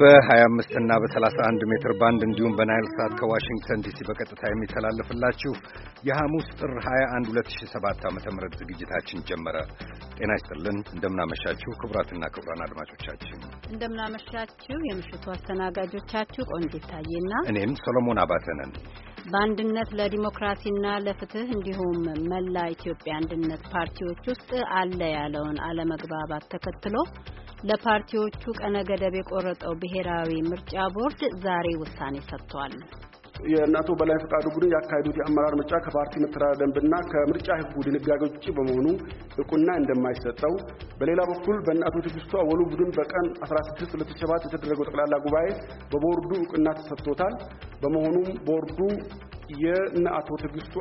በ25 እና በ31 ሜትር ባንድ እንዲሁም በናይል ሳት ከዋሽንግተን ዲሲ በቀጥታ የሚተላለፍላችሁ የሐሙስ ጥር 21 2007 ዓ.ም ዝግጅታችን ጀመረ። ጤና ይስጥልን፣ እንደምናመሻችሁ ክቡራትና ክቡራን አድማጮቻችን እንደምናመሻችሁ። የምሽቱ አስተናጋጆቻችሁ ቆንጂት ይታየና እኔም ሰሎሞን አባተ ነን። በአንድነት ለዲሞክራሲና ለፍትህ እንዲሁም መላ ኢትዮጵያ አንድነት ፓርቲዎች ውስጥ አለ ያለውን አለመግባባት ተከትሎ ለፓርቲዎቹ ቀነ ገደብ የቆረጠው ብሔራዊ ምርጫ ቦርድ ዛሬ ውሳኔ ሰጥቷል። የእናቶ በላይ ፈቃዱ ቡድን ያካሄዱት የአመራር ምርጫ ከፓርቲ መተዳደሪያ ደንብና ከምርጫ ሕጉ ድንጋጌ ውጭ በመሆኑ እውቅና እንደማይሰጠው፣ በሌላ በኩል በእናቶ ትግስቱ አወሉ ቡድን በቀን 16 2007 የተደረገው ጠቅላላ ጉባኤ በቦርዱ እውቅና ተሰጥቶታል። በመሆኑም ቦርዱ የእነ አቶ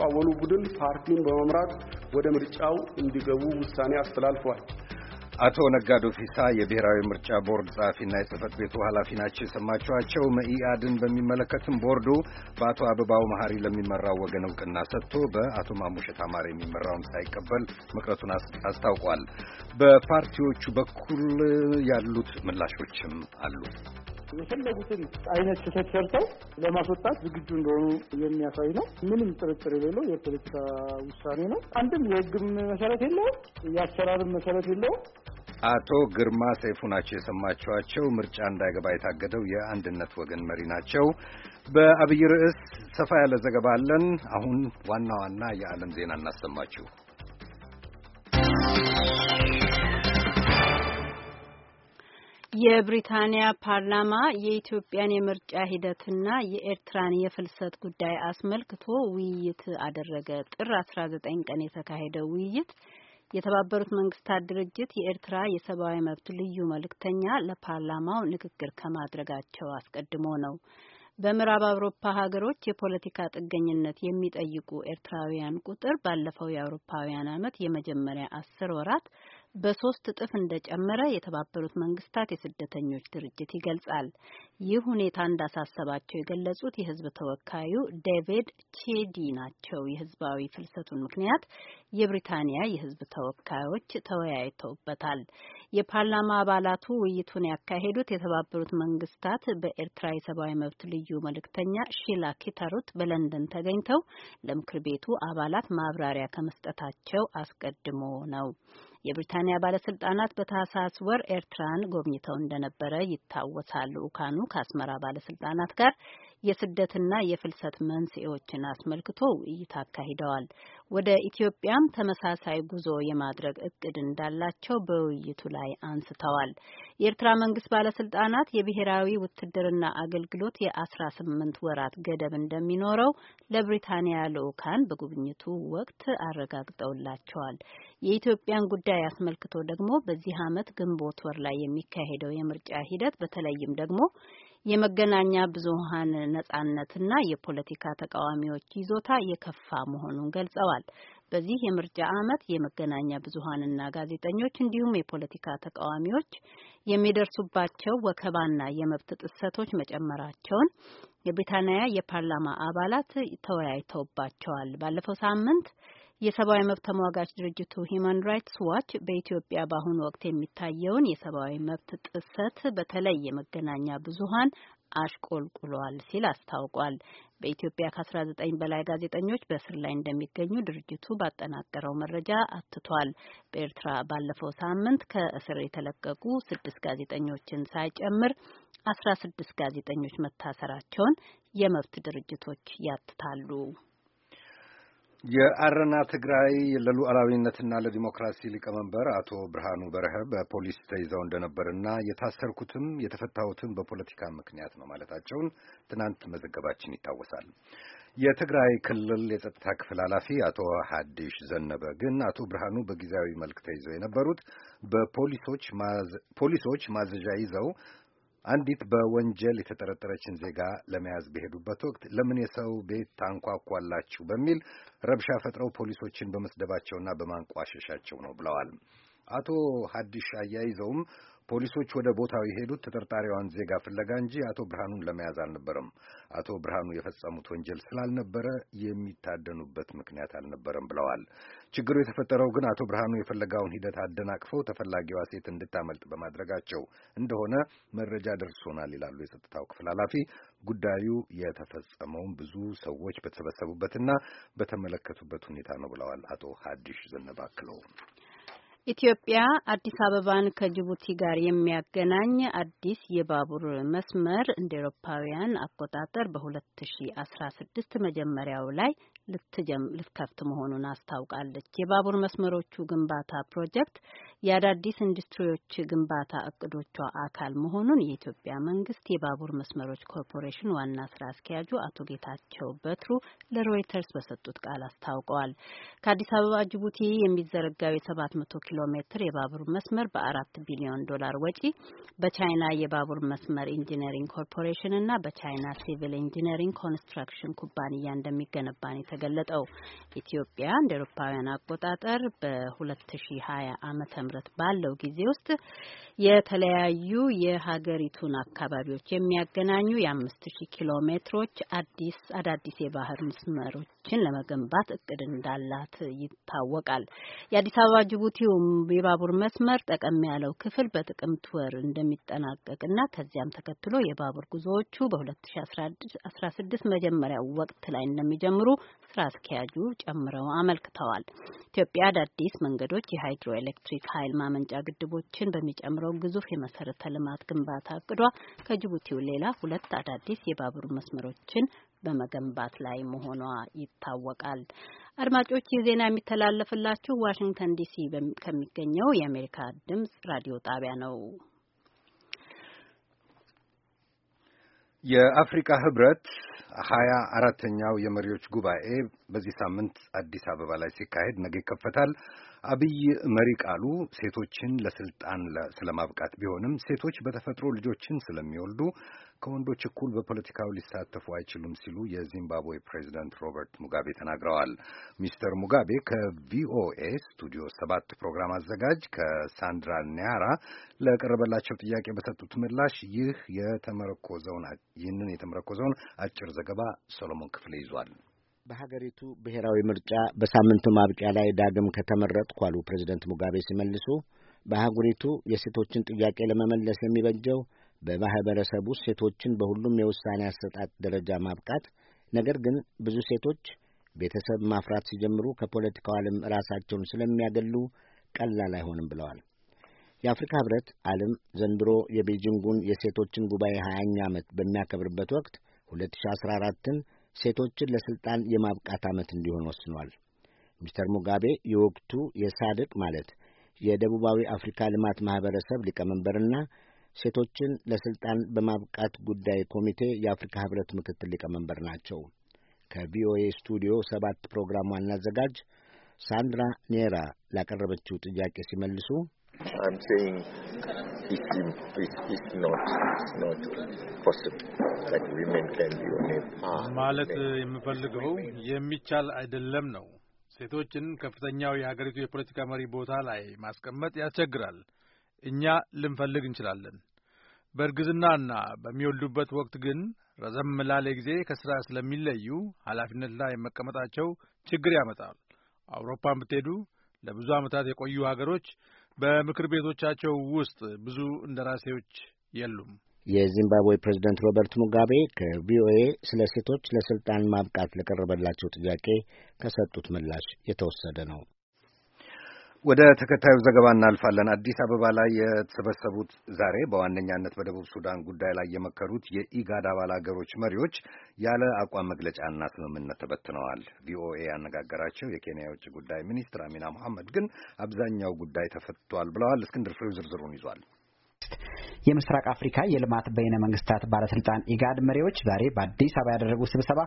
አወሉ ቡድን ፓርቲውን በመምራት ወደ ምርጫው እንዲገቡ ውሳኔ አስተላልፏል። አቶ ነጋዶ ፊሳ የብሔራዊ ምርጫ ቦርድ ጸሐፊና የጽህፈት ቤቱ ኃላፊ ናቸው የሰማችኋቸው። መኢአድን በሚመለከትም ቦርዱ በአቶ አበባው መሀሪ ለሚመራው ወገን እውቅና ሰጥቶ በአቶ ማሙሸት አማር የሚመራውን ሳይቀበል መቅረቱን አስታውቋል። በፓርቲዎቹ በኩል ያሉት ምላሾችም አሉ። የፈለጉትን አይነት ስህተት ሰርተው ለማስወጣት ዝግጁ እንደሆኑ የሚያሳይ ነው። ምንም ጥርጥር የሌለው የፖለቲካ ውሳኔ ነው። አንድም የህግም መሰረት የለውም፣ የአሰራርም መሰረት የለውም። አቶ ግርማ ሰይፉ ናቸው የሰማችኋቸው። ምርጫ እንዳይገባ የታገደው የአንድነት ወገን መሪ ናቸው። በአብይ ርዕስ ሰፋ ያለ ዘገባ አለን። አሁን ዋና ዋና የዓለም ዜና እናሰማችሁ። የብሪታንያ ፓርላማ የኢትዮጵያን የምርጫ ሂደትና የኤርትራን የፍልሰት ጉዳይ አስመልክቶ ውይይት አደረገ። ጥር አስራ ዘጠኝ ቀን የተካሄደው ውይይት የተባበሩት መንግስታት ድርጅት የኤርትራ የሰብአዊ መብት ልዩ መልእክተኛ ለፓርላማው ንግግር ከማድረጋቸው አስቀድሞ ነው። በምዕራብ አውሮፓ ሀገሮች የፖለቲካ ጥገኝነት የሚጠይቁ ኤርትራውያን ቁጥር ባለፈው የአውሮፓውያን አመት የመጀመሪያ አስር ወራት በሶስት እጥፍ እንደጨመረ የተባበሩት መንግስታት የስደተኞች ድርጅት ይገልጻል። ይህ ሁኔታ እንዳሳሰባቸው የገለጹት የህዝብ ተወካዩ ዴቪድ ቼዲ ናቸው። የህዝባዊ ፍልሰቱን ምክንያት የብሪታንያ የህዝብ ተወካዮች ተወያይተውበታል። የፓርላማ አባላቱ ውይይቱን ያካሄዱት የተባበሩት መንግስታት በኤርትራ የሰብአዊ መብት ልዩ መልእክተኛ ሺላ ኪታሩት በለንደን ተገኝተው ለምክር ቤቱ አባላት ማብራሪያ ከመስጠታቸው አስቀድሞ ነው። የብሪታንያ ባለስልጣናት በታህሳስ ወር ኤርትራን ጎብኝተው እንደነበረ ይታወሳል። ልኡካኑ ከአስመራ ባለስልጣናት ጋር የስደትና የፍልሰት መንስኤዎችን አስመልክቶ ውይይት አካሂደዋል። ወደ ኢትዮጵያም ተመሳሳይ ጉዞ የማድረግ እቅድ እንዳላቸው በውይይቱ ላይ አንስተዋል። የኤርትራ መንግስት ባለስልጣናት የብሔራዊ ውትድርና አገልግሎት የአስራ ስምንት ወራት ገደብ እንደሚኖረው ለብሪታንያ ልዑካን በጉብኝቱ ወቅት አረጋግጠውላቸዋል። የኢትዮጵያን ጉዳይ አስመልክቶ ደግሞ በዚህ ዓመት ግንቦት ወር ላይ የሚካሄደው የምርጫ ሂደት በተለይም ደግሞ የመገናኛ ብዙሃን ነጻነትና የፖለቲካ ተቃዋሚዎች ይዞታ የከፋ መሆኑን ገልጸዋል። በዚህ የምርጫ ዓመት የመገናኛ ብዙሃንና ጋዜጠኞች እንዲሁም የፖለቲካ ተቃዋሚዎች የሚደርሱባቸው ወከባና የመብት ጥሰቶች መጨመራቸውን የብሪታንያ የፓርላማ አባላት ተወያይተውባቸዋል። ባለፈው ሳምንት የሰብአዊ መብት ተሟጋች ድርጅቱ ሂዩማን ራይትስ ዋች በኢትዮጵያ በአሁኑ ወቅት የሚታየውን የሰብአዊ መብት ጥሰት በተለይ የመገናኛ ብዙኃን አሽቆልቁሏል ሲል አስታውቋል። በኢትዮጵያ ከ19 በላይ ጋዜጠኞች በእስር ላይ እንደሚገኙ ድርጅቱ ባጠናቀረው መረጃ አትቷል። በኤርትራ ባለፈው ሳምንት ከእስር የተለቀቁ ስድስት ጋዜጠኞችን ሳይጨምር አስራ ስድስት ጋዜጠኞች መታሰራቸውን የመብት ድርጅቶች ያትታሉ። የአረና ትግራይ ለሉዓላዊነትና ለዲሞክራሲ ሊቀመንበር አቶ ብርሃኑ በረሀ በፖሊስ ተይዘው እንደነበርና የታሰርኩትም የተፈታሁትም በፖለቲካ ምክንያት ነው ማለታቸውን ትናንት መዘገባችን ይታወሳል። የትግራይ ክልል የጸጥታ ክፍል ኃላፊ አቶ ሀዲሽ ዘነበ ግን አቶ ብርሃኑ በጊዜያዊ መልክ ተይዘው የነበሩት በፖሊሶች ፖሊሶች ማዘዣ ይዘው አንዲት በወንጀል የተጠረጠረችን ዜጋ ለመያዝ በሄዱበት ወቅት ለምን የሰው ቤት ታንኳኳላችሁ በሚል ረብሻ ፈጥረው ፖሊሶችን በመስደባቸውና በማንቋሸሻቸው ነው ብለዋል። አቶ ሀዲሽ አያይዘውም ፖሊሶች ወደ ቦታው የሄዱት ተጠርጣሪዋን ዜጋ ፍለጋ እንጂ አቶ ብርሃኑን ለመያዝ አልነበረም። አቶ ብርሃኑ የፈጸሙት ወንጀል ስላልነበረ የሚታደኑበት ምክንያት አልነበረም ብለዋል። ችግሩ የተፈጠረው ግን አቶ ብርሃኑ የፍለጋውን ሂደት አደናቅፈው ተፈላጊዋ ሴት እንድታመልጥ በማድረጋቸው እንደሆነ መረጃ ደርሶናል ይላሉ የጸጥታው ክፍል ኃላፊ። ጉዳዩ የተፈጸመውን ብዙ ሰዎች በተሰበሰቡበትና በተመለከቱበት ሁኔታ ነው ብለዋል አቶ ሀዲሽ ዘነባክለው። ኢትዮጵያ አዲስ አበባን ከጅቡቲ ጋር የሚያገናኝ አዲስ የባቡር መስመር እንደ ኤሮፓውያን አቆጣጠር በ2016 መጀመሪያው ላይ ልትጀም ልትከፍት መሆኑን አስታውቃለች። የባቡር መስመሮቹ ግንባታ ፕሮጀክት የአዳዲስ ኢንዱስትሪዎች ግንባታ እቅዶቿ አካል መሆኑን የኢትዮጵያ መንግስት የባቡር መስመሮች ኮርፖሬሽን ዋና ስራ አስኪያጁ አቶ ጌታቸው በትሩ ለሮይተርስ በሰጡት ቃል አስታውቀዋል። ከአዲስ አበባ ጅቡቲ የሚዘረጋው የሰባት መቶ ኪሎ ሜትር የባቡር መስመር በአራት ቢሊዮን ዶላር ወጪ በቻይና የባቡር መስመር ኢንጂነሪንግ ኮርፖሬሽን እና በቻይና ሲቪል ኢንጂነሪንግ ኮንስትራክሽን ኩባንያ እንደሚገነባ ነው የተገለጠው። ኢትዮጵያ እንደ ኤሮፓውያን አቆጣጠር በ2020 ዓመተ ምህረት ባለው ጊዜ ውስጥ የተለያዩ የሀገሪቱን አካባቢዎች የሚያገናኙ የ5000 ኪሎ ሜትሮች አዲስ አዳዲስ የባህር መስመሮችን ለመገንባት እቅድ እንዳላት ይታወቃል። የአዲስ አበባ ጅቡቲው የባቡር መስመር ጠቀም ያለው ክፍል በጥቅምት ወር እንደሚጠናቀቅና ከዚያም ተከትሎ የባቡር ጉዞዎቹ በ2016 መጀመሪያ ወቅት ላይ እንደሚጀምሩ ስራ አስኪያጁ ጨምረው አመልክተዋል። ኢትዮጵያ አዳዲስ መንገዶች፣ የሃይድሮ ኤሌክትሪክ ኃይል ማመንጫ ግድቦችን በሚጨምረው ግዙፍ የመሰረተ ልማት ግንባታ እቅዷ ከጅቡቲው ሌላ ሁለት አዳዲስ የባቡር መስመሮችን በመገንባት ላይ መሆኗ ይታወቃል። አድማጮች ይህ ዜና የሚተላለፍላችሁ ዋሽንግተን ዲሲ ከሚገኘው የአሜሪካ ድምጽ ራዲዮ ጣቢያ ነው። የአፍሪካ ህብረት ሀያ አራተኛው የመሪዎች ጉባኤ በዚህ ሳምንት አዲስ አበባ ላይ ሲካሄድ ነገ ይከፈታል። አብይ መሪ ቃሉ ሴቶችን ለስልጣን ስለማብቃት ቢሆንም ሴቶች በተፈጥሮ ልጆችን ስለሚወልዱ ከወንዶች እኩል በፖለቲካው ሊሳተፉ አይችሉም ሲሉ የዚምባብዌ ፕሬዚደንት ሮበርት ሙጋቤ ተናግረዋል። ሚስተር ሙጋቤ ከቪኦኤ ስቱዲዮ ሰባት ፕሮግራም አዘጋጅ ከሳንድራ ኒያራ ለቀረበላቸው ጥያቄ በሰጡት ምላሽ ይህ የተመረኮዘውን ይህንን የተመረኮዘውን አጭር ዘገባ ሰሎሞን ክፍሌ ይዟል። በሀገሪቱ ብሔራዊ ምርጫ በሳምንቱ ማብቂያ ላይ ዳግም ከተመረጥኩ አሉ ፕሬዚደንት ሙጋቤ ሲመልሱ፣ በአህጉሪቱ የሴቶችን ጥያቄ ለመመለስ የሚበጀው በማህበረሰቡ ሴቶችን በሁሉም የውሳኔ አሰጣጥ ደረጃ ማብቃት፣ ነገር ግን ብዙ ሴቶች ቤተሰብ ማፍራት ሲጀምሩ ከፖለቲካው ዓለም ራሳቸውን ስለሚያገሉ ቀላል አይሆንም ብለዋል። የአፍሪካ ህብረት ዓለም ዘንድሮ የቤጂንጉን የሴቶችን ጉባኤ ሀያኛ ዓመት በሚያከብርበት ወቅት 2014 አራትን ሴቶችን ለሥልጣን የማብቃት ዓመት እንዲሆን ወስኗል። ሚስተር ሙጋቤ የወቅቱ የሳድቅ ማለት የደቡባዊ አፍሪካ ልማት ማኅበረሰብ ሊቀመንበርና ሴቶችን ለሥልጣን በማብቃት ጉዳይ ኮሚቴ የአፍሪካ ኅብረት ምክትል ሊቀመንበር ናቸው። ከቪኦኤ ስቱዲዮ ሰባት ፕሮግራም ዋና አዘጋጅ ሳንድራ ኔራ ላቀረበችው ጥያቄ ሲመልሱ I'm saying it's, it's, it's not, it's not possible that women can be on a par ማለት uh, የምፈልገው የሚቻል አይደለም ነው። ሴቶችን ከፍተኛው የሀገሪቱ የፖለቲካ መሪ ቦታ ላይ ማስቀመጥ ያስቸግራል። እኛ ልንፈልግ እንችላለን። በእርግዝናና በሚወልዱበት ወቅት ግን ረዘም ላለ ጊዜ ከስራ ስለሚለዩ ኃላፊነት ላይ መቀመጣቸው ችግር ያመጣል። አውሮፓን ብትሄዱ ለብዙ ዓመታት የቆዩ ሀገሮች በምክር ቤቶቻቸው ውስጥ ብዙ እንደራሴዎች የሉም። የዚምባብዌ ፕሬዚደንት ሮበርት ሙጋቤ ከቪኦኤ ስለ ሴቶች ለስልጣን ማብቃት ለቀረበላቸው ጥያቄ ከሰጡት ምላሽ የተወሰደ ነው። ወደ ተከታዩ ዘገባ እናልፋለን። አዲስ አበባ ላይ የተሰበሰቡት ዛሬ በዋነኛነት በደቡብ ሱዳን ጉዳይ ላይ የመከሩት የኢጋድ አባል አገሮች መሪዎች ያለ አቋም መግለጫና ስምምነት ተበትነዋል። ቪኦኤ ያነጋገራቸው የኬንያ የውጭ ጉዳይ ሚኒስትር አሚና መሐመድ ግን አብዛኛው ጉዳይ ተፈቷል ብለዋል። እስክንድር ፍሬው ዝርዝሩን ይዟል። የምስራቅ አፍሪካ የልማት በይነ መንግስታት ባለስልጣን ኢጋድ መሪዎች ዛሬ በአዲስ አበባ ያደረጉት ስብሰባ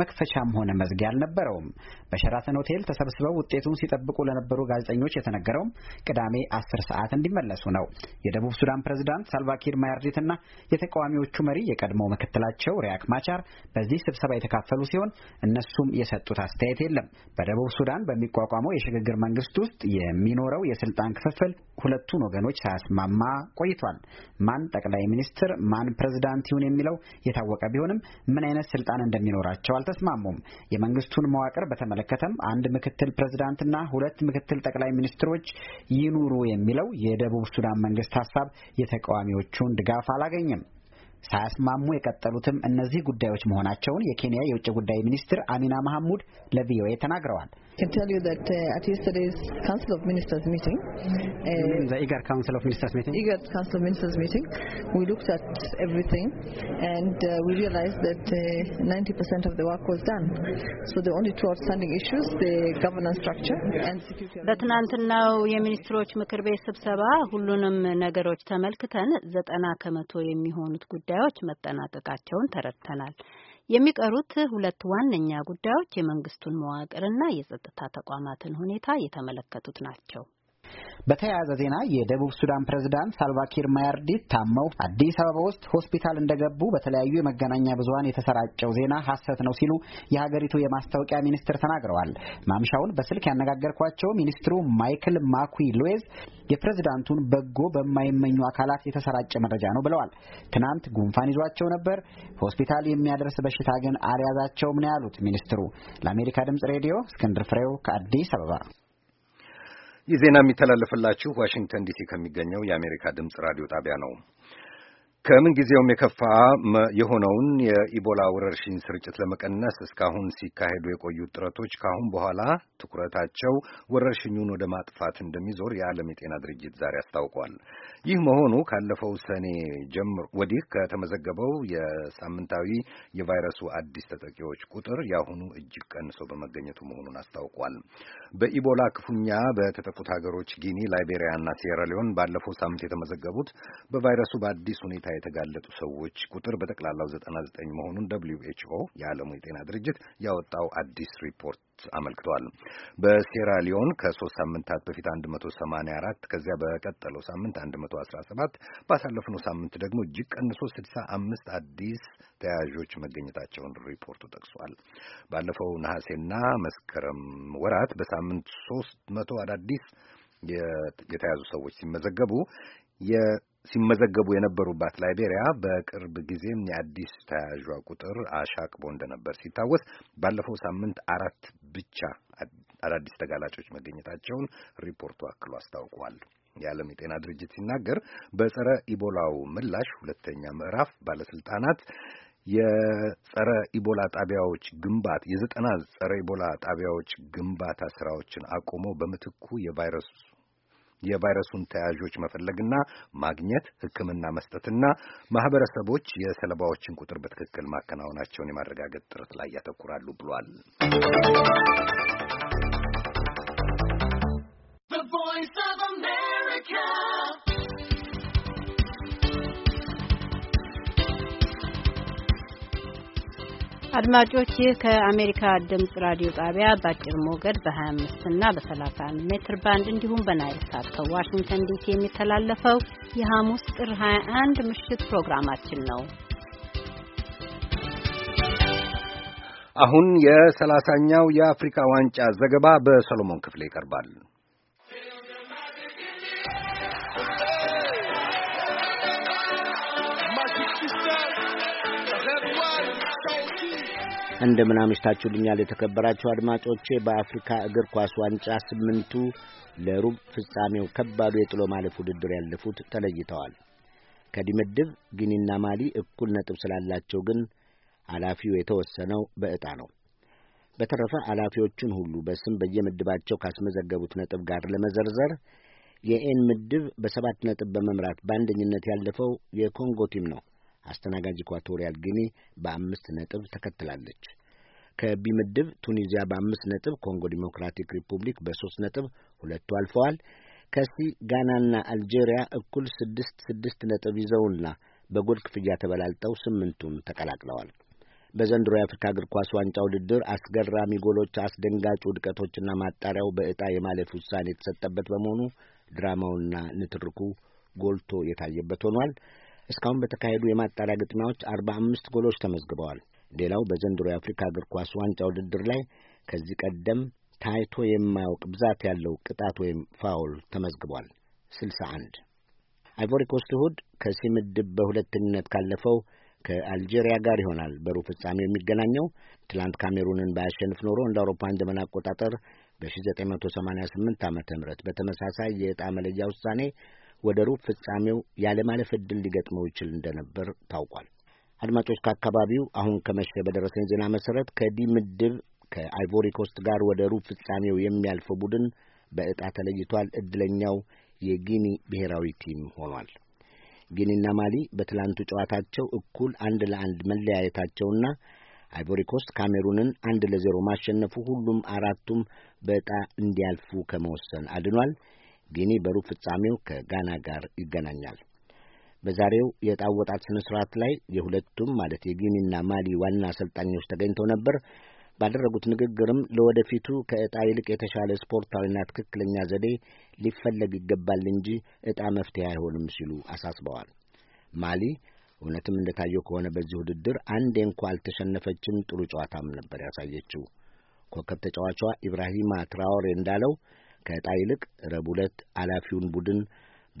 መክፈቻም ሆነ መዝጊያ አልነበረውም። በሸራተን ሆቴል ተሰብስበው ውጤቱን ሲጠብቁ ለነበሩ ጋዜጠኞች የተነገረውም ቅዳሜ አስር ሰዓት እንዲመለሱ ነው። የደቡብ ሱዳን ፕሬዝዳንት ሳልቫኪር ማያርዲትና የተቃዋሚዎቹ መሪ የቀድሞ ምክትላቸው ሪያክ ማቻር በዚህ ስብሰባ የተካፈሉ ሲሆን እነሱም የሰጡት አስተያየት የለም። በደቡብ ሱዳን በሚቋቋመው የሽግግር መንግስት ውስጥ የሚኖረው የስልጣን ክፍፍል ሁለቱን ወገኖች ሳያስማማ ቆይቷል። ማን ጠቅላይ ሚኒስትር ማን ፕሬዝዳንት ይሁን የሚለው የታወቀ ቢሆንም ምን አይነት ስልጣን እንደሚኖራቸው አልተስማሙም። የመንግስቱን መዋቅር በተመለከተም አንድ ምክትል ፕሬዝዳንትና ሁለት ምክትል ጠቅላይ ሚኒስትሮች ይኑሩ የሚለው የደቡብ ሱዳን መንግስት ሀሳብ የተቃዋሚዎቹን ድጋፍ አላገኘም። ሳያስማሙ የቀጠሉትም እነዚህ ጉዳዮች መሆናቸውን የኬንያ የውጭ ጉዳይ ሚኒስትር አሚና መሐሙድ ለቪኦኤ ተናግረዋል። በትናንትናው የሚኒስትሮች ምክር ቤት ስብሰባ ሁሉንም ነገሮች ተመልክተን ዘጠና ከመቶ የሚሆኑት ጉዳዮች ጉዳዮች መጠናቀቃቸውን ተረድተናል። የሚቀሩት ሁለት ዋነኛ ጉዳዮች የመንግስቱን መዋቅርና የጸጥታ ተቋማትን ሁኔታ የተመለከቱት ናቸው። በተያያዘ ዜና የደቡብ ሱዳን ፕሬዝዳንት ሳልቫኪር ማያርዲት ታመው አዲስ አበባ ውስጥ ሆስፒታል እንደገቡ በተለያዩ የመገናኛ ብዙኃን የተሰራጨው ዜና ሐሰት ነው ሲሉ የሀገሪቱ የማስታወቂያ ሚኒስትር ተናግረዋል። ማምሻውን በስልክ ያነጋገርኳቸው ሚኒስትሩ ማይክል ማኩ ሎዌዝ የፕሬዝዳንቱን በጎ በማይመኙ አካላት የተሰራጨ መረጃ ነው ብለዋል። ትናንት ጉንፋን ይዟቸው ነበር፣ ሆስፒታል የሚያደርስ በሽታ ግን አልያዛቸውም ነው ያሉት ሚኒስትሩ። ለአሜሪካ ድምጽ ሬዲዮ እስክንድር ፍሬው ከአዲስ አበባ ይህ ዜና የሚተላለፍላችሁ ዋሽንግተን ዲሲ ከሚገኘው የአሜሪካ ድምፅ ራዲዮ ጣቢያ ነው። ከምን ጊዜውም የከፋ የሆነውን የኢቦላ ወረርሽኝ ስርጭት ለመቀነስ እስካሁን ሲካሄዱ የቆዩት ጥረቶች ከአሁን በኋላ ትኩረታቸው ወረርሽኙን ወደ ማጥፋት እንደሚዞር የዓለም የጤና ድርጅት ዛሬ አስታውቋል። ይህ መሆኑ ካለፈው ሰኔ ጀምሮ ወዲህ ከተመዘገበው የሳምንታዊ የቫይረሱ አዲስ ተጠቂዎች ቁጥር የአሁኑ እጅግ ቀንሶ በመገኘቱ መሆኑን አስታውቋል። በኢቦላ ክፉኛ በተጠቁት ሀገሮች ጊኒ፣ ላይቤሪያና ሲየራሊዮን ባለፈው ሳምንት የተመዘገቡት በቫይረሱ በአዲስ ሁኔታ ለበሽታ የተጋለጡ ሰዎች ቁጥር በጠቅላላው 99 መሆኑን ደብልዩ ኤችኦ የዓለሙ የጤና ድርጅት ያወጣው አዲስ ሪፖርት አመልክቷል። በሴራ ሊዮን ከሶስት ሳምንታት በፊት 184 ከዚያ በቀጠለው ሳምንት 117 ባሳለፍነው ሳምንት ደግሞ እጅግ ቀንሶ 65 አዲስ ተያዦች መገኘታቸውን ሪፖርቱ ጠቅሷል። ባለፈው ነሐሴና መስከረም ወራት በሳምንት 300 አዳዲስ የተያዙ ሰዎች ሲመዘገቡ ሲመዘገቡ የነበሩባት ላይቤሪያ በቅርብ ጊዜም የአዲስ ተያያዥ ቁጥር አሻቅቦ እንደነበር ሲታወስ ባለፈው ሳምንት አራት ብቻ አዳዲስ ተጋላጮች መገኘታቸውን ሪፖርቱ አክሎ አስታውቋል። የዓለም የጤና ድርጅት ሲናገር በጸረ ኢቦላው ምላሽ ሁለተኛ ምዕራፍ ባለስልጣናት የጸረ ኢቦላ ጣቢያዎች ግንባት የዘጠና ጸረ ኢቦላ ጣቢያዎች ግንባታ ስራዎችን አቁሞ በምትኩ የቫይረስ የቫይረሱን ተያዦች መፈለግና ማግኘት፣ ሕክምና መስጠትና ማህበረሰቦች የሰለባዎችን ቁጥር በትክክል ማከናወናቸውን የማረጋገጥ ጥረት ላይ ያተኩራሉ ብሏል። አድማጮች ይህ ከአሜሪካ ድምጽ ራዲዮ ጣቢያ በአጭር ሞገድ በ25 እና በ31 ሜትር ባንድ እንዲሁም በናይል ሳት ከዋሽንግተን ዲሲ የሚተላለፈው የሐሙስ ጥር 21 ምሽት ፕሮግራማችን ነው። አሁን የሰላሳኛው የአፍሪካ ዋንጫ ዘገባ በሰሎሞን ክፍሌ ይቀርባል። እንደምን አምሽታችሁልኛል የተከበራችሁ አድማጮቼ። በአፍሪካ እግር ኳስ ዋንጫ ስምንቱ ለሩብ ፍጻሜው ከባዱ የጥሎ ማለፍ ውድድር ያለፉት ተለይተዋል። ከዲምድብ ጊኒና ማሊ እኩል ነጥብ ስላላቸው ግን አላፊው የተወሰነው በዕጣ ነው። በተረፈ አላፊዎቹን ሁሉ በስም በየምድባቸው ካስመዘገቡት ነጥብ ጋር ለመዘርዘር የኤን ምድብ በሰባት ነጥብ በመምራት በአንደኝነት ያለፈው የኮንጎ ቲም ነው። አስተናጋጅ ኢኳቶሪያል ጊኒ በአምስት ነጥብ ተከትላለች። ከቢ ምድብ ቱኒዚያ በአምስት ነጥብ፣ ኮንጎ ዲሞክራቲክ ሪፑብሊክ በሶስት ነጥብ ሁለቱ አልፈዋል። ከሲ ጋናና አልጄሪያ እኩል ስድስት ስድስት ነጥብ ይዘውና በጎል ክፍያ ተበላልጠው ስምንቱን ተቀላቅለዋል። በዘንድሮ የአፍሪካ እግር ኳስ ዋንጫ ውድድር አስገራሚ ጎሎች፣ አስደንጋጭ ውድቀቶችና ማጣሪያው በዕጣ የማለፍ ውሳኔ የተሰጠበት በመሆኑ ድራማውና ንትርኩ ጎልቶ የታየበት ሆኗል። እስካሁን በተካሄዱ የማጣሪያ ግጥሚያዎች አርባ አምስት ጎሎች ተመዝግበዋል። ሌላው በዘንድሮ የአፍሪካ እግር ኳስ ዋንጫ ውድድር ላይ ከዚህ ቀደም ታይቶ የማያውቅ ብዛት ያለው ቅጣት ወይም ፋውል ተመዝግቧል፣ ስልሳ አንድ አይቮሪ ኮስት እሁድ ከሲ ምድብ በሁለተኝነት ካለፈው ከአልጄሪያ ጋር ይሆናል በሩብ ፍጻሜው የሚገናኘው። ትላንት ካሜሩንን ባያሸንፍ ኖሮ እንደ አውሮፓን ዘመን አቆጣጠር በ1988 ዓ ም በተመሳሳይ የዕጣ መለያ ውሳኔ ወደ ሩብ ፍጻሜው ያለማለፍ ዕድል ሊገጥመው ይችል እንደነበር ታውቋል። አድማጮች ከአካባቢው አሁን ከመሸ በደረሰኝ ዜና መሰረት ከዲ ምድብ ከአይቮሪ ኮስት ጋር ወደ ሩብ ፍጻሜው የሚያልፈው ቡድን በዕጣ ተለይቷል። ዕድለኛው የጊኒ ብሔራዊ ቲም ሆኗል። ጊኒና ማሊ በትላንቱ ጨዋታቸው እኩል አንድ ለአንድ መለያየታቸውና አይቮሪ ኮስት ካሜሩንን አንድ ለዜሮ ማሸነፉ ሁሉም አራቱም በዕጣ እንዲያልፉ ከመወሰን አድኗል። ጊኒ በሩብ ፍጻሜው ከጋና ጋር ይገናኛል። በዛሬው የጣወጣት ስነ ስርዓት ላይ የሁለቱም ማለት የጊኒና ማሊ ዋና አሰልጣኞች ተገኝተው ነበር። ባደረጉት ንግግርም ለወደፊቱ ከእጣ ይልቅ የተሻለ ስፖርታዊና ትክክለኛ ዘዴ ሊፈለግ ይገባል እንጂ እጣ መፍትሄ አይሆንም ሲሉ አሳስበዋል። ማሊ እውነትም እንደታየው ከሆነ በዚህ ውድድር አንዴ እንኳ አልተሸነፈችም። ጥሩ ጨዋታም ነበር ያሳየችው። ኮከብ ተጫዋቿ ኢብራሂማ ትራዎሬ እንዳለው ከዕጣ ይልቅ ረቡዕ ዕለት አላፊውን ቡድን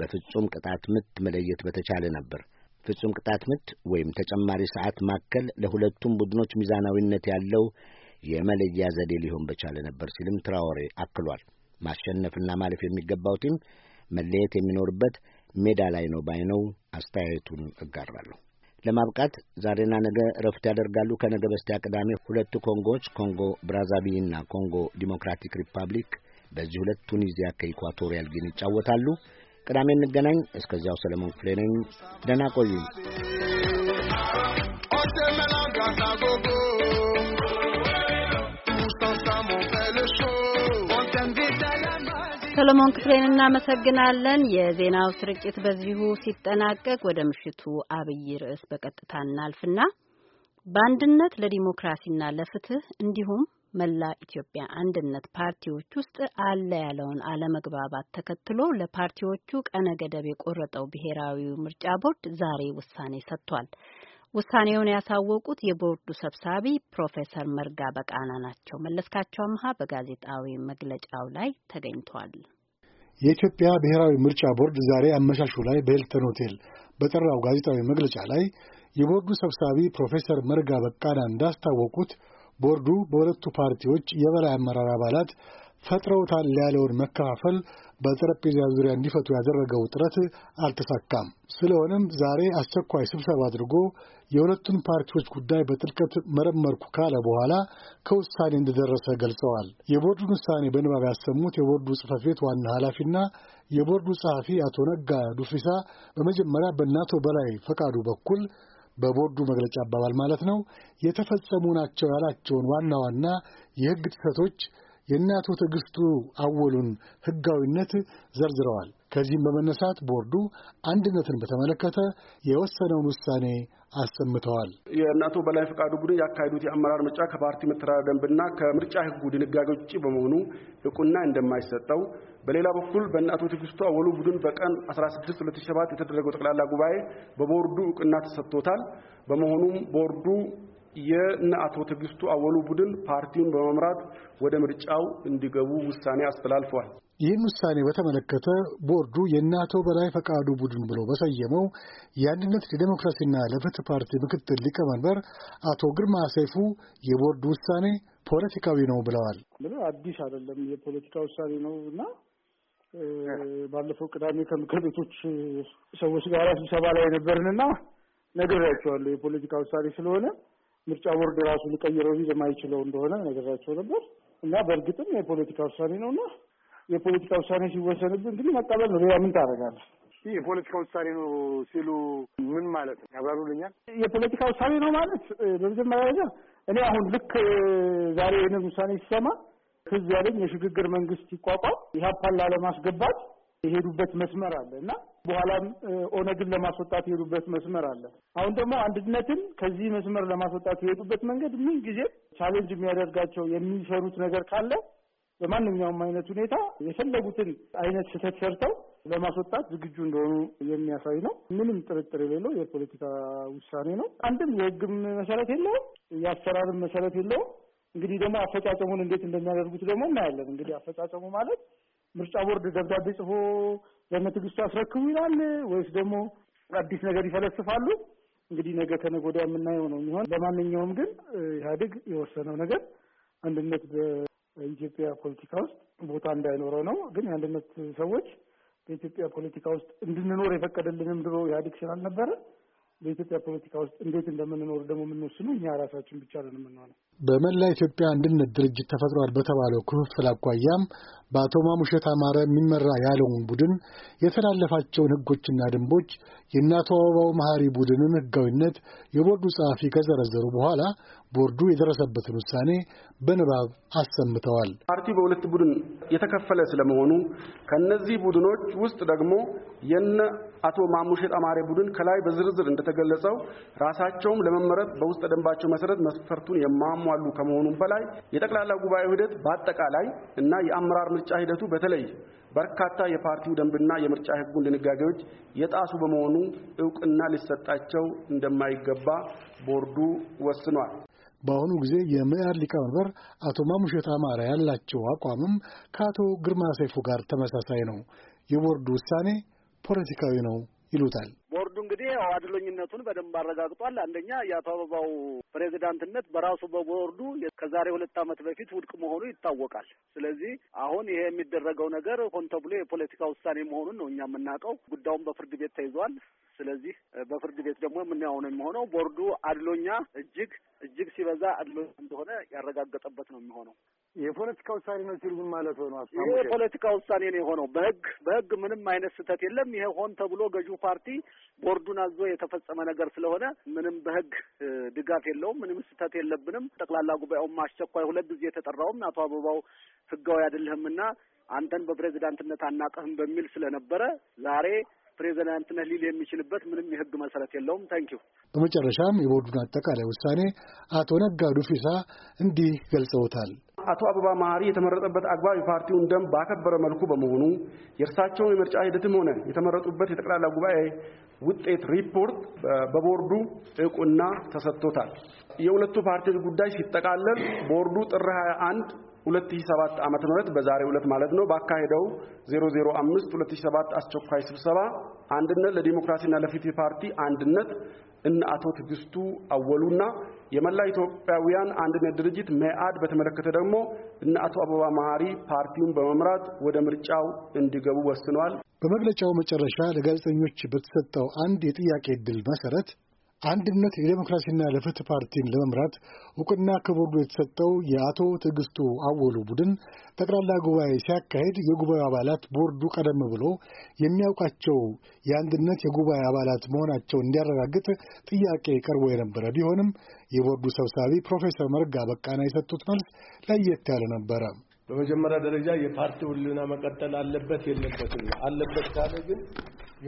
በፍጹም ቅጣት ምት መለየት በተቻለ ነበር። ፍጹም ቅጣት ምት ወይም ተጨማሪ ሰዓት ማከል ለሁለቱም ቡድኖች ሚዛናዊነት ያለው የመለያ ዘዴ ሊሆን በቻለ ነበር ሲልም ትራወሬ አክሏል። ማሸነፍና ማለፍ የሚገባው ቲም መለየት የሚኖርበት ሜዳ ላይ ነው ባይ ነው። አስተያየቱን እጋራለሁ። ለማብቃት ዛሬና ነገ እረፍት ያደርጋሉ። ከነገ በስቲያ ቅዳሜ ሁለቱ ኮንጎዎች ኮንጎ ብራዛቪልና ኮንጎ ዲሞክራቲክ ሪፐብሊክ በዚህ ሁለት ቱኒዚያ ከኢኳቶሪያል ጊኒ ይጫወታሉ። ቅዳሜ እንገናኝ። እስከዚያው ሰለሞን ክፍሌ ነኝ። ደህና ቆዩ። ሰለሞን ክፍሌን እናመሰግናለን። የዜናው ስርጭት በዚሁ ሲጠናቀቅ ወደ ምሽቱ አብይ ርዕስ በቀጥታ እናልፍና በአንድነት ለዲሞክራሲና ለፍትህ እንዲሁም መላ ኢትዮጵያ አንድነት ፓርቲዎች ውስጥ አለ ያለውን አለመግባባት ተከትሎ ለፓርቲዎቹ ቀነ ገደብ የቆረጠው ብሔራዊ ምርጫ ቦርድ ዛሬ ውሳኔ ሰጥቷል። ውሳኔውን ያሳወቁት የቦርዱ ሰብሳቢ ፕሮፌሰር መርጋ በቃና ናቸው። መለስካቸው አምሃ በጋዜጣዊ መግለጫው ላይ ተገኝቷል። የኢትዮጵያ ብሔራዊ ምርጫ ቦርድ ዛሬ አመሻሹ ላይ በሂልተን ሆቴል በጠራው ጋዜጣዊ መግለጫ ላይ የቦርዱ ሰብሳቢ ፕሮፌሰር መርጋ በቃና እንዳስታወቁት ቦርዱ በሁለቱ ፓርቲዎች የበላይ አመራር አባላት ፈጥረውታል ያለውን መከፋፈል በጠረጴዛ ዙሪያ እንዲፈቱ ያደረገው ጥረት አልተሳካም። ስለሆነም ዛሬ አስቸኳይ ስብሰባ አድርጎ የሁለቱን ፓርቲዎች ጉዳይ በጥልቀት መረመርኩ ካለ በኋላ ከውሳኔ እንደደረሰ ገልጸዋል። የቦርዱን ውሳኔ በንባብ ያሰሙት የቦርዱ ጽህፈት ቤት ዋና ኃላፊና የቦርዱ ጸሐፊ አቶ ነጋ ዱፊሳ በመጀመሪያ በእነ አቶ በላይ ፈቃዱ በኩል በቦርዱ መግለጫ አባባል ማለት ነው የተፈጸሙ ናቸው ያላቸውን ዋና ዋና የሕግ ጥሰቶች የእነ አቶ ትዕግስቱ አወሉን ሕጋዊነት ዘርዝረዋል። ከዚህም በመነሳት ቦርዱ አንድነትን በተመለከተ የወሰነውን ውሳኔ አሰምተዋል። የእነ አቶ በላይ ፈቃዱ ቡድን ያካሄዱት የአመራር ምርጫ ከፓርቲ መተዳደሪያ ደንብና ከምርጫ ሕጉ ድንጋጌ ውጭ በመሆኑ እቁና እንደማይሰጠው በሌላ በኩል በእነ አቶ ትግስቱ አወሉ ቡድን በቀን 16 2007 የተደረገው ጠቅላላ ጉባኤ በቦርዱ እውቅና ተሰጥቶታል። በመሆኑም ቦርዱ የእነ አቶ ትዕግስቱ አወሉ ቡድን ፓርቲውን በመምራት ወደ ምርጫው እንዲገቡ ውሳኔ አስተላልፏል። ይህን ውሳኔ በተመለከተ ቦርዱ የእነ አቶ በላይ ፈቃዱ ቡድን ብሎ በሰየመው የአንድነት ለዲሞክራሲና ለፍትህ ፓርቲ ምክትል ሊቀመንበር አቶ ግርማ ሰይፉ የቦርዱ ውሳኔ ፖለቲካዊ ነው ብለዋል። አዲስ አይደለም፣ የፖለቲካ ውሳኔ ነው እና ባለፈው ቅዳሜ ከምክር ቤቶች ሰዎች ጋር ስብሰባ ላይ የነበርንና ነግሬያቸዋለሁ። የፖለቲካ ውሳኔ ስለሆነ ምርጫ ቦርድ ራሱ ሊቀይረው የማይችለው እንደሆነ ነግሬያቸው ነበር እና በእርግጥም የፖለቲካ ውሳኔ ነውና የፖለቲካ ውሳኔ ሲወሰንብ እንግዲህ መቀበል ነው። ሌላ ምን ታደርጋለህ? ይህ የፖለቲካ ውሳኔ ነው ሲሉ ምን ማለት ነው? ያብራሩልኛል። የፖለቲካ ውሳኔ ነው ማለት በመጀመሪያ ደረጃ እኔ አሁን ልክ ዛሬ ይህንን ውሳኔ ሲሰማ ትዝ ያለኝ የሽግግር መንግስት ሲቋቋም ኢህአፓን ላለማስገባት የሄዱበት መስመር አለ እና በኋላም ኦነግን ለማስወጣት የሄዱበት መስመር አለ። አሁን ደግሞ አንድነትን ከዚህ መስመር ለማስወጣት የሄዱበት መንገድ ምን ጊዜ ቻሌንጅ የሚያደርጋቸው የሚሰሩት ነገር ካለ በማንኛውም አይነት ሁኔታ የፈለጉትን አይነት ስህተት ሰርተው ለማስወጣት ዝግጁ እንደሆኑ የሚያሳይ ነው። ምንም ጥርጥር የሌለው የፖለቲካ ውሳኔ ነው። አንድም የህግም መሰረት የለውም፣ የአሰራርም መሰረት የለውም። እንግዲህ ደግሞ አፈጻጸሙን እንዴት እንደሚያደርጉት ደግሞ እናያለን። እንግዲህ አፈጻጸሙ ማለት ምርጫ ቦርድ ደብዳቤ ጽፎ በመትዕግስቱ አስረክቡ ይላል ወይስ ደግሞ አዲስ ነገር ይፈለስፋሉ? እንግዲህ ነገ ከነገ ወዲያ የምናየው ነው የሚሆን። ለማንኛውም ግን ኢህአዴግ የወሰነው ነገር አንድነት በኢትዮጵያ ፖለቲካ ውስጥ ቦታ እንዳይኖረው ነው። ግን የአንድነት ሰዎች በኢትዮጵያ ፖለቲካ ውስጥ እንድንኖር የፈቀደልንም ድሮ ኢህአዴግ ስላልነበረ በኢትዮጵያ ፖለቲካ ውስጥ እንዴት እንደምንኖር ደግሞ የምንወስኑ እኛ ራሳችን ብቻ ነን የምንሆነው። በመላ ኢትዮጵያ አንድነት ድርጅት ተፈጥሯል በተባለው ክፍፍል አኳያም በአቶ ማሙሸት አማረ የሚመራ ያለውን ቡድን የተላለፋቸውን ህጎችና ደንቦች የእናቶ አበባው መሐሪ ቡድንን ህጋዊነት የቦርዱ ጸሐፊ ከዘረዘሩ በኋላ ቦርዱ የደረሰበትን ውሳኔ በንባብ አሰምተዋል። ፓርቲው በሁለት ቡድን የተከፈለ ስለመሆኑ ከእነዚህ ቡድኖች ውስጥ ደግሞ የነ አቶ ማሙሸት አማሬ ቡድን ከላይ በዝርዝር እንደተገለጸው ራሳቸውም ለመመረጥ በውስጥ ደንባቸው መሰረት መስፈርቱን የማሟ የተሟሉ ከመሆኑም በላይ የጠቅላላ ጉባኤው ሂደት በአጠቃላይ እና የአመራር ምርጫ ሂደቱ በተለይ በርካታ የፓርቲው ደንብና የምርጫ ሕጉን ድንጋጌዎች የጣሱ በመሆኑ እውቅና ሊሰጣቸው እንደማይገባ ቦርዱ ወስኗል። በአሁኑ ጊዜ የመኢአድ ሊቀመንበር አቶ ማሙሸት አማረ ያላቸው አቋምም ከአቶ ግርማ ሰይፉ ጋር ተመሳሳይ ነው። የቦርዱ ውሳኔ ፖለቲካዊ ነው ይሉታል። እንግዲህ አድሎኝነቱን በደንብ አረጋግጧል። አንደኛ የአቶ አበባው ፕሬዚዳንትነት በራሱ በቦርዱ ከዛሬ ሁለት ዓመት በፊት ውድቅ መሆኑ ይታወቃል። ስለዚህ አሁን ይሄ የሚደረገው ነገር ሆን ተብሎ የፖለቲካ ውሳኔ መሆኑን ነው እኛ የምናውቀው። ጉዳዩን በፍርድ ቤት ተይዟል። ስለዚህ በፍርድ ቤት ደግሞ የምናየው ነው የሚሆነው። ቦርዱ አድሎኛ እጅግ እጅግ ሲበዛ አድሎኛ እንደሆነ ያረጋገጠበት ነው የሚሆነው። የፖለቲካ ውሳኔ ነው ምን ማለት ሆነ ይሄ የፖለቲካ ውሳኔ ነው የሆነው። በህግ በህግ ምንም አይነት ስህተት የለም። ይሄ ሆን ተብሎ ገዢው ፓርቲ ቦርዱን አዞ የተፈጸመ ነገር ስለሆነ ምንም በህግ ድጋፍ የለውም። ምንም ስህተት የለብንም። ጠቅላላ ጉባኤውም አስቸኳይ ሁለት ጊዜ የተጠራውም አቶ አበባው ህጋዊ አይደለህምና አንተን በፕሬዚዳንትነት አናቀህም በሚል ስለነበረ ዛሬ ፕሬዚዳንትነት ሊል የሚችልበት ምንም የህግ መሰረት የለውም። ታንኪው። በመጨረሻም የቦርዱን አጠቃላይ ውሳኔ አቶ ነጋ ዱፊሳ እንዲህ ገልጸውታል። አቶ አበባ መሐሪ የተመረጠበት አግባብ የፓርቲውን ደንብ ባከበረ መልኩ በመሆኑ የእርሳቸውን የምርጫ ሂደትም ሆነ የተመረጡበት የጠቅላላ ጉባኤ ውጤት ሪፖርት በቦርዱ እውቅና ተሰጥቶታል። የሁለቱ ፓርቲዎች ጉዳይ ሲጠቃለል ቦርዱ ጥር 21 2007 ዓመተ ምህረት በዛሬው ዕለት ማለት ነው ባካሄደው 005 2007 አስቸኳይ ስብሰባ አንድነት ለዲሞክራሲና ለፍትህ ፓርቲ አንድነት እነ አቶ ትግስቱ አወሉና የመላ ኢትዮጵያውያን አንድነት ድርጅት መአድ በተመለከተ ደግሞ እነ አቶ አበባ መሀሪ ፓርቲውን በመምራት ወደ ምርጫው እንዲገቡ ወስነዋል። በመግለጫው መጨረሻ ለጋዜጠኞች በተሰጠው አንድ የጥያቄ ዕድል መሰረት አንድነት ለዴሞክራሲና ለፍትህ ፓርቲን ለመምራት እውቅና ከቦርዱ የተሰጠው የአቶ ትዕግስቱ አወሉ ቡድን ጠቅላላ ጉባኤ ሲያካሂድ የጉባኤው አባላት ቦርዱ ቀደም ብሎ የሚያውቃቸው የአንድነት የጉባኤ አባላት መሆናቸውን እንዲያረጋግጥ ጥያቄ ቀርቦ የነበረ ቢሆንም የቦርዱ ሰብሳቢ ፕሮፌሰር መርጋ በቃና የሰጡት መልስ ለየት ያለ ነበረ። በመጀመሪያ ደረጃ የፓርቲ ሕልውና መቀጠል አለበት የለበትም፣ አለበት ካለ ግን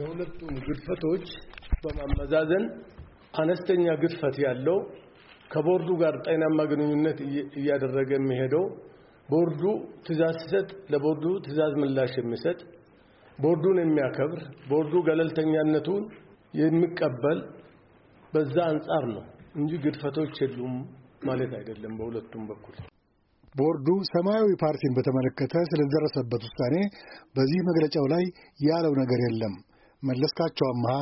የሁለቱም ግድፈቶች በማመዛዘን አነስተኛ ግድፈት ያለው ከቦርዱ ጋር ጤናማ ግንኙነት እያደረገ የሚሄደው ቦርዱ ትዛዝ ሲሰጥ ለቦርዱ ትዛዝ ምላሽ የሚሰጥ ቦርዱን የሚያከብር ቦርዱ ገለልተኛነቱን የሚቀበል በዛ አንጻር ነው እንጂ ግድፈቶች የሉም ማለት አይደለም። በሁለቱም በኩል ቦርዱ ሰማያዊ ፓርቲን በተመለከተ ስለደረሰበት ውሳኔ በዚህ መግለጫው ላይ ያለው ነገር የለም። መለስካቸው አምሃ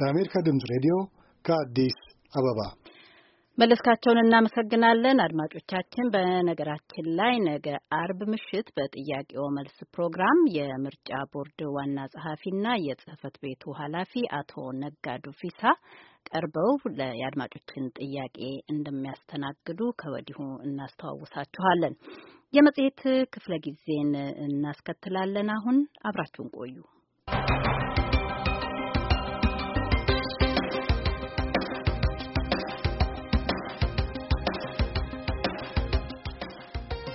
ለአሜሪካ ድምፅ ሬዲዮ ከአዲስ አበባ መለስካቸውን እናመሰግናለን። አድማጮቻችን፣ በነገራችን ላይ ነገ አርብ ምሽት በጥያቄው መልስ ፕሮግራም የምርጫ ቦርድ ዋና ጸሐፊና የጽህፈት ቤቱ ኃላፊ አቶ ነጋዱ ፊሳ ቀርበው የአድማጮችን ጥያቄ እንደሚያስተናግዱ ከወዲሁ እናስተዋውሳችኋለን። የመጽሔት ክፍለ ጊዜን እናስከትላለን። አሁን አብራችሁን ቆዩ።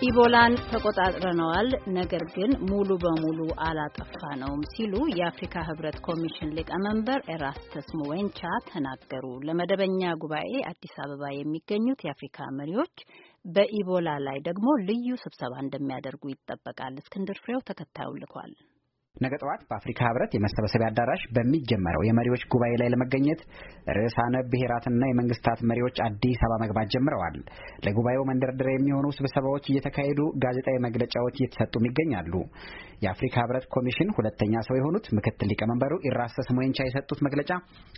ኢቦላን ተቆጣጥረነዋል፣ ነገር ግን ሙሉ በሙሉ አላጠፋ ነውም ሲሉ የአፍሪካ ህብረት ኮሚሽን ሊቀመንበር ኤራስተስ ሙዌንቻ ተናገሩ። ለመደበኛ ጉባኤ አዲስ አበባ የሚገኙት የአፍሪካ መሪዎች በኢቦላ ላይ ደግሞ ልዩ ስብሰባ እንደሚያደርጉ ይጠበቃል። እስክንድር ፍሬው ተከታዩ ልኳል። ነገ ጠዋት በአፍሪካ ህብረት የመሰብሰቢያ አዳራሽ በሚጀመረው የመሪዎች ጉባኤ ላይ ለመገኘት ርዕሳነ ብሔራትና የመንግስታት መሪዎች አዲስ አበባ መግባት ጀምረዋል። ለጉባኤው መንደርደሪያ የሚሆኑ ስብሰባዎች እየተካሄዱ፣ ጋዜጣዊ መግለጫዎች እየተሰጡም ይገኛሉ። የአፍሪካ ህብረት ኮሚሽን ሁለተኛ ሰው የሆኑት ምክትል ሊቀመንበሩ ኢራሰስ ሞንቻ የሰጡት መግለጫ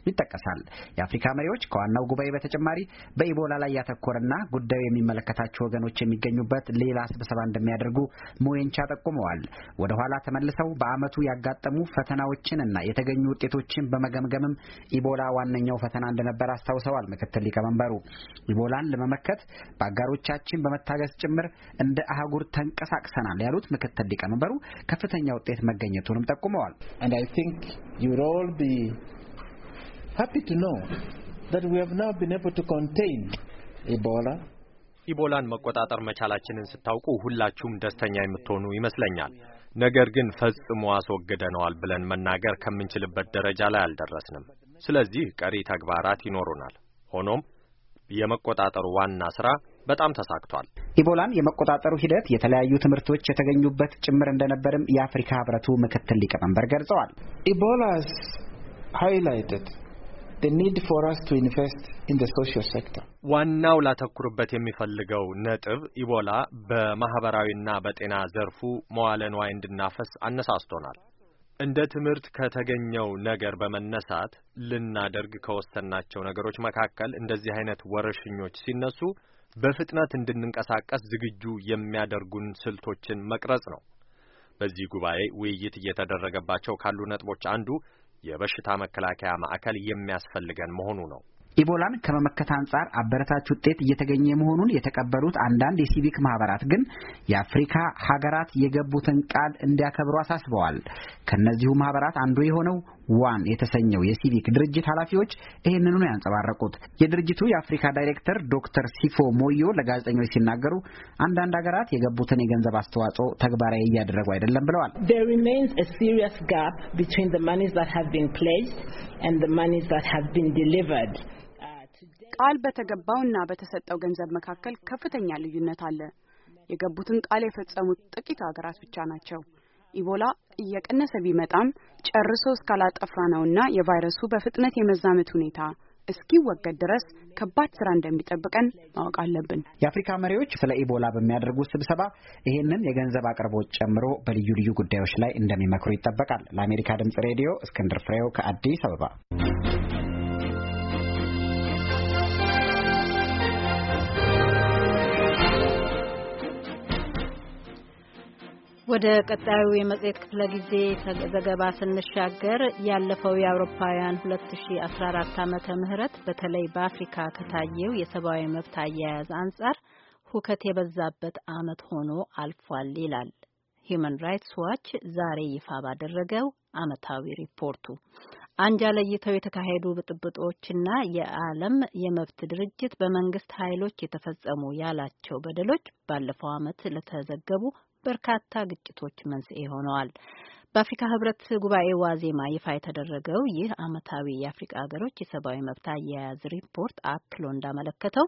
ይጠቀሳል። የአፍሪካ መሪዎች ከዋናው ጉባኤ በተጨማሪ በኢቦላ ላይ ያተኮረና ጉዳዩ የሚመለከታቸው ወገኖች የሚገኙበት ሌላ ስብሰባ እንደሚያደርጉ ሞንቻ ጠቁመዋል። ወደ ኋላ ተመልሰው በአመቱ ያጋጠሙ እና የተገኙ ውጤቶችን በመገምገምም ኢቦላ ዋነኛው ፈተና እንደነበር አስታውሰዋል። ምክትል ሊቀመንበሩ ኢቦላን ለመመከት በአጋሮቻችን በመታገስ ጭምር እንደ አህጉር ተንቀሳቅሰናል ያሉት ምክትል ሊቀመንበሩ ከፍተኛ ውጤት መገኘቱንም ጠቁመዋል። ኢቦላን መቆጣጠር መቻላችንን ስታውቁ ሁላችሁም ደስተኛ የምትሆኑ ይመስለኛል። ነገር ግን ፈጽሞ አስወግደነዋል ብለን መናገር ከምንችልበት ደረጃ ላይ አልደረስንም። ስለዚህ ቀሪ ተግባራት ይኖሩናል። ሆኖም የመቆጣጠሩ ዋና ስራ በጣም ተሳክቷል። ኢቦላን የመቆጣጠሩ ሂደት የተለያዩ ትምህርቶች የተገኙበት ጭምር እንደነበርም የአፍሪካ ህብረቱ ምክትል ሊቀመንበር ገልጸዋል። ኢቦላስ ሃይላይትድ ዋናው ላተኩርበት የሚፈልገው ነጥብ ኢቦላ በማህበራዊና በጤና ዘርፉ መዋለ ንዋይ እንድናፈስ አነሳስቶናል። እንደ ትምህርት ከተገኘው ነገር በመነሳት ልናደርግ ከወሰናቸው ነገሮች መካከል እንደዚህ አይነት ወረርሽኞች ሲነሱ በፍጥነት እንድንንቀሳቀስ ዝግጁ የሚያደርጉን ስልቶችን መቅረጽ ነው። በዚህ ጉባኤ ውይይት እየተደረገባቸው ካሉ ነጥቦች አንዱ የበሽታ መከላከያ ማዕከል የሚያስፈልገን መሆኑ ነው። ኢቦላን ከመመከት አንጻር አበረታች ውጤት እየተገኘ መሆኑን የተቀበሉት አንዳንድ የሲቪክ ማህበራት ግን የአፍሪካ ሀገራት የገቡትን ቃል እንዲያከብሩ አሳስበዋል። ከእነዚሁ ማህበራት አንዱ የሆነው ዋን የተሰኘው የሲቪክ ድርጅት ኃላፊዎች ይህንኑ ነው ያንጸባረቁት። የድርጅቱ የአፍሪካ ዳይሬክተር ዶክተር ሲፎ ሞዮ ለጋዜጠኞች ሲናገሩ አንዳንድ ሀገራት የገቡትን የገንዘብ አስተዋጽኦ ተግባራዊ እያደረጉ አይደለም ብለዋል። ቃል በተገባውና በተሰጠው ገንዘብ መካከል ከፍተኛ ልዩነት አለ። የገቡትን ቃል የፈጸሙት ጥቂት ሀገራት ብቻ ናቸው። ኢቦላ እየቀነሰ ቢመጣም ጨርሶ እስካላጠፋ ነውና የቫይረሱ በፍጥነት የመዛመት ሁኔታ እስኪወገድ ድረስ ከባድ ስራ እንደሚጠብቀን ማወቅ አለብን። የአፍሪካ መሪዎች ስለ ኢቦላ በሚያደርጉት ስብሰባ ይህንን የገንዘብ አቅርቦት ጨምሮ በልዩ ልዩ ጉዳዮች ላይ እንደሚመክሩ ይጠበቃል። ለአሜሪካ ድምጽ ሬዲዮ እስክንድር ፍሬው ከአዲስ አበባ ወደ ቀጣዩ የመጽሔት ክፍለ ጊዜ ዘገባ ስንሻገር ያለፈው የአውሮፓውያን 2014 ዓመተ ምህረት በተለይ በአፍሪካ ከታየው የሰብአዊ መብት አያያዝ አንጻር ሁከት የበዛበት ዓመት ሆኖ አልፏል ይላል ሂዩማን ራይትስ ዋች ዛሬ ይፋ ባደረገው ዓመታዊ ሪፖርቱ። አንጃ ለይተው የተካሄዱ ብጥብጦችና የዓለም የመብት ድርጅት በመንግስት ኃይሎች የተፈጸሙ ያላቸው በደሎች ባለፈው ዓመት ለተዘገቡ በርካታ ግጭቶች መንስኤ ሆነዋል። በአፍሪካ ህብረት ጉባኤ ዋዜማ ይፋ የተደረገው ይህ አመታዊ የአፍሪካ ሀገሮች የሰብአዊ መብት አያያዝ ሪፖርት አክሎ እንዳመለከተው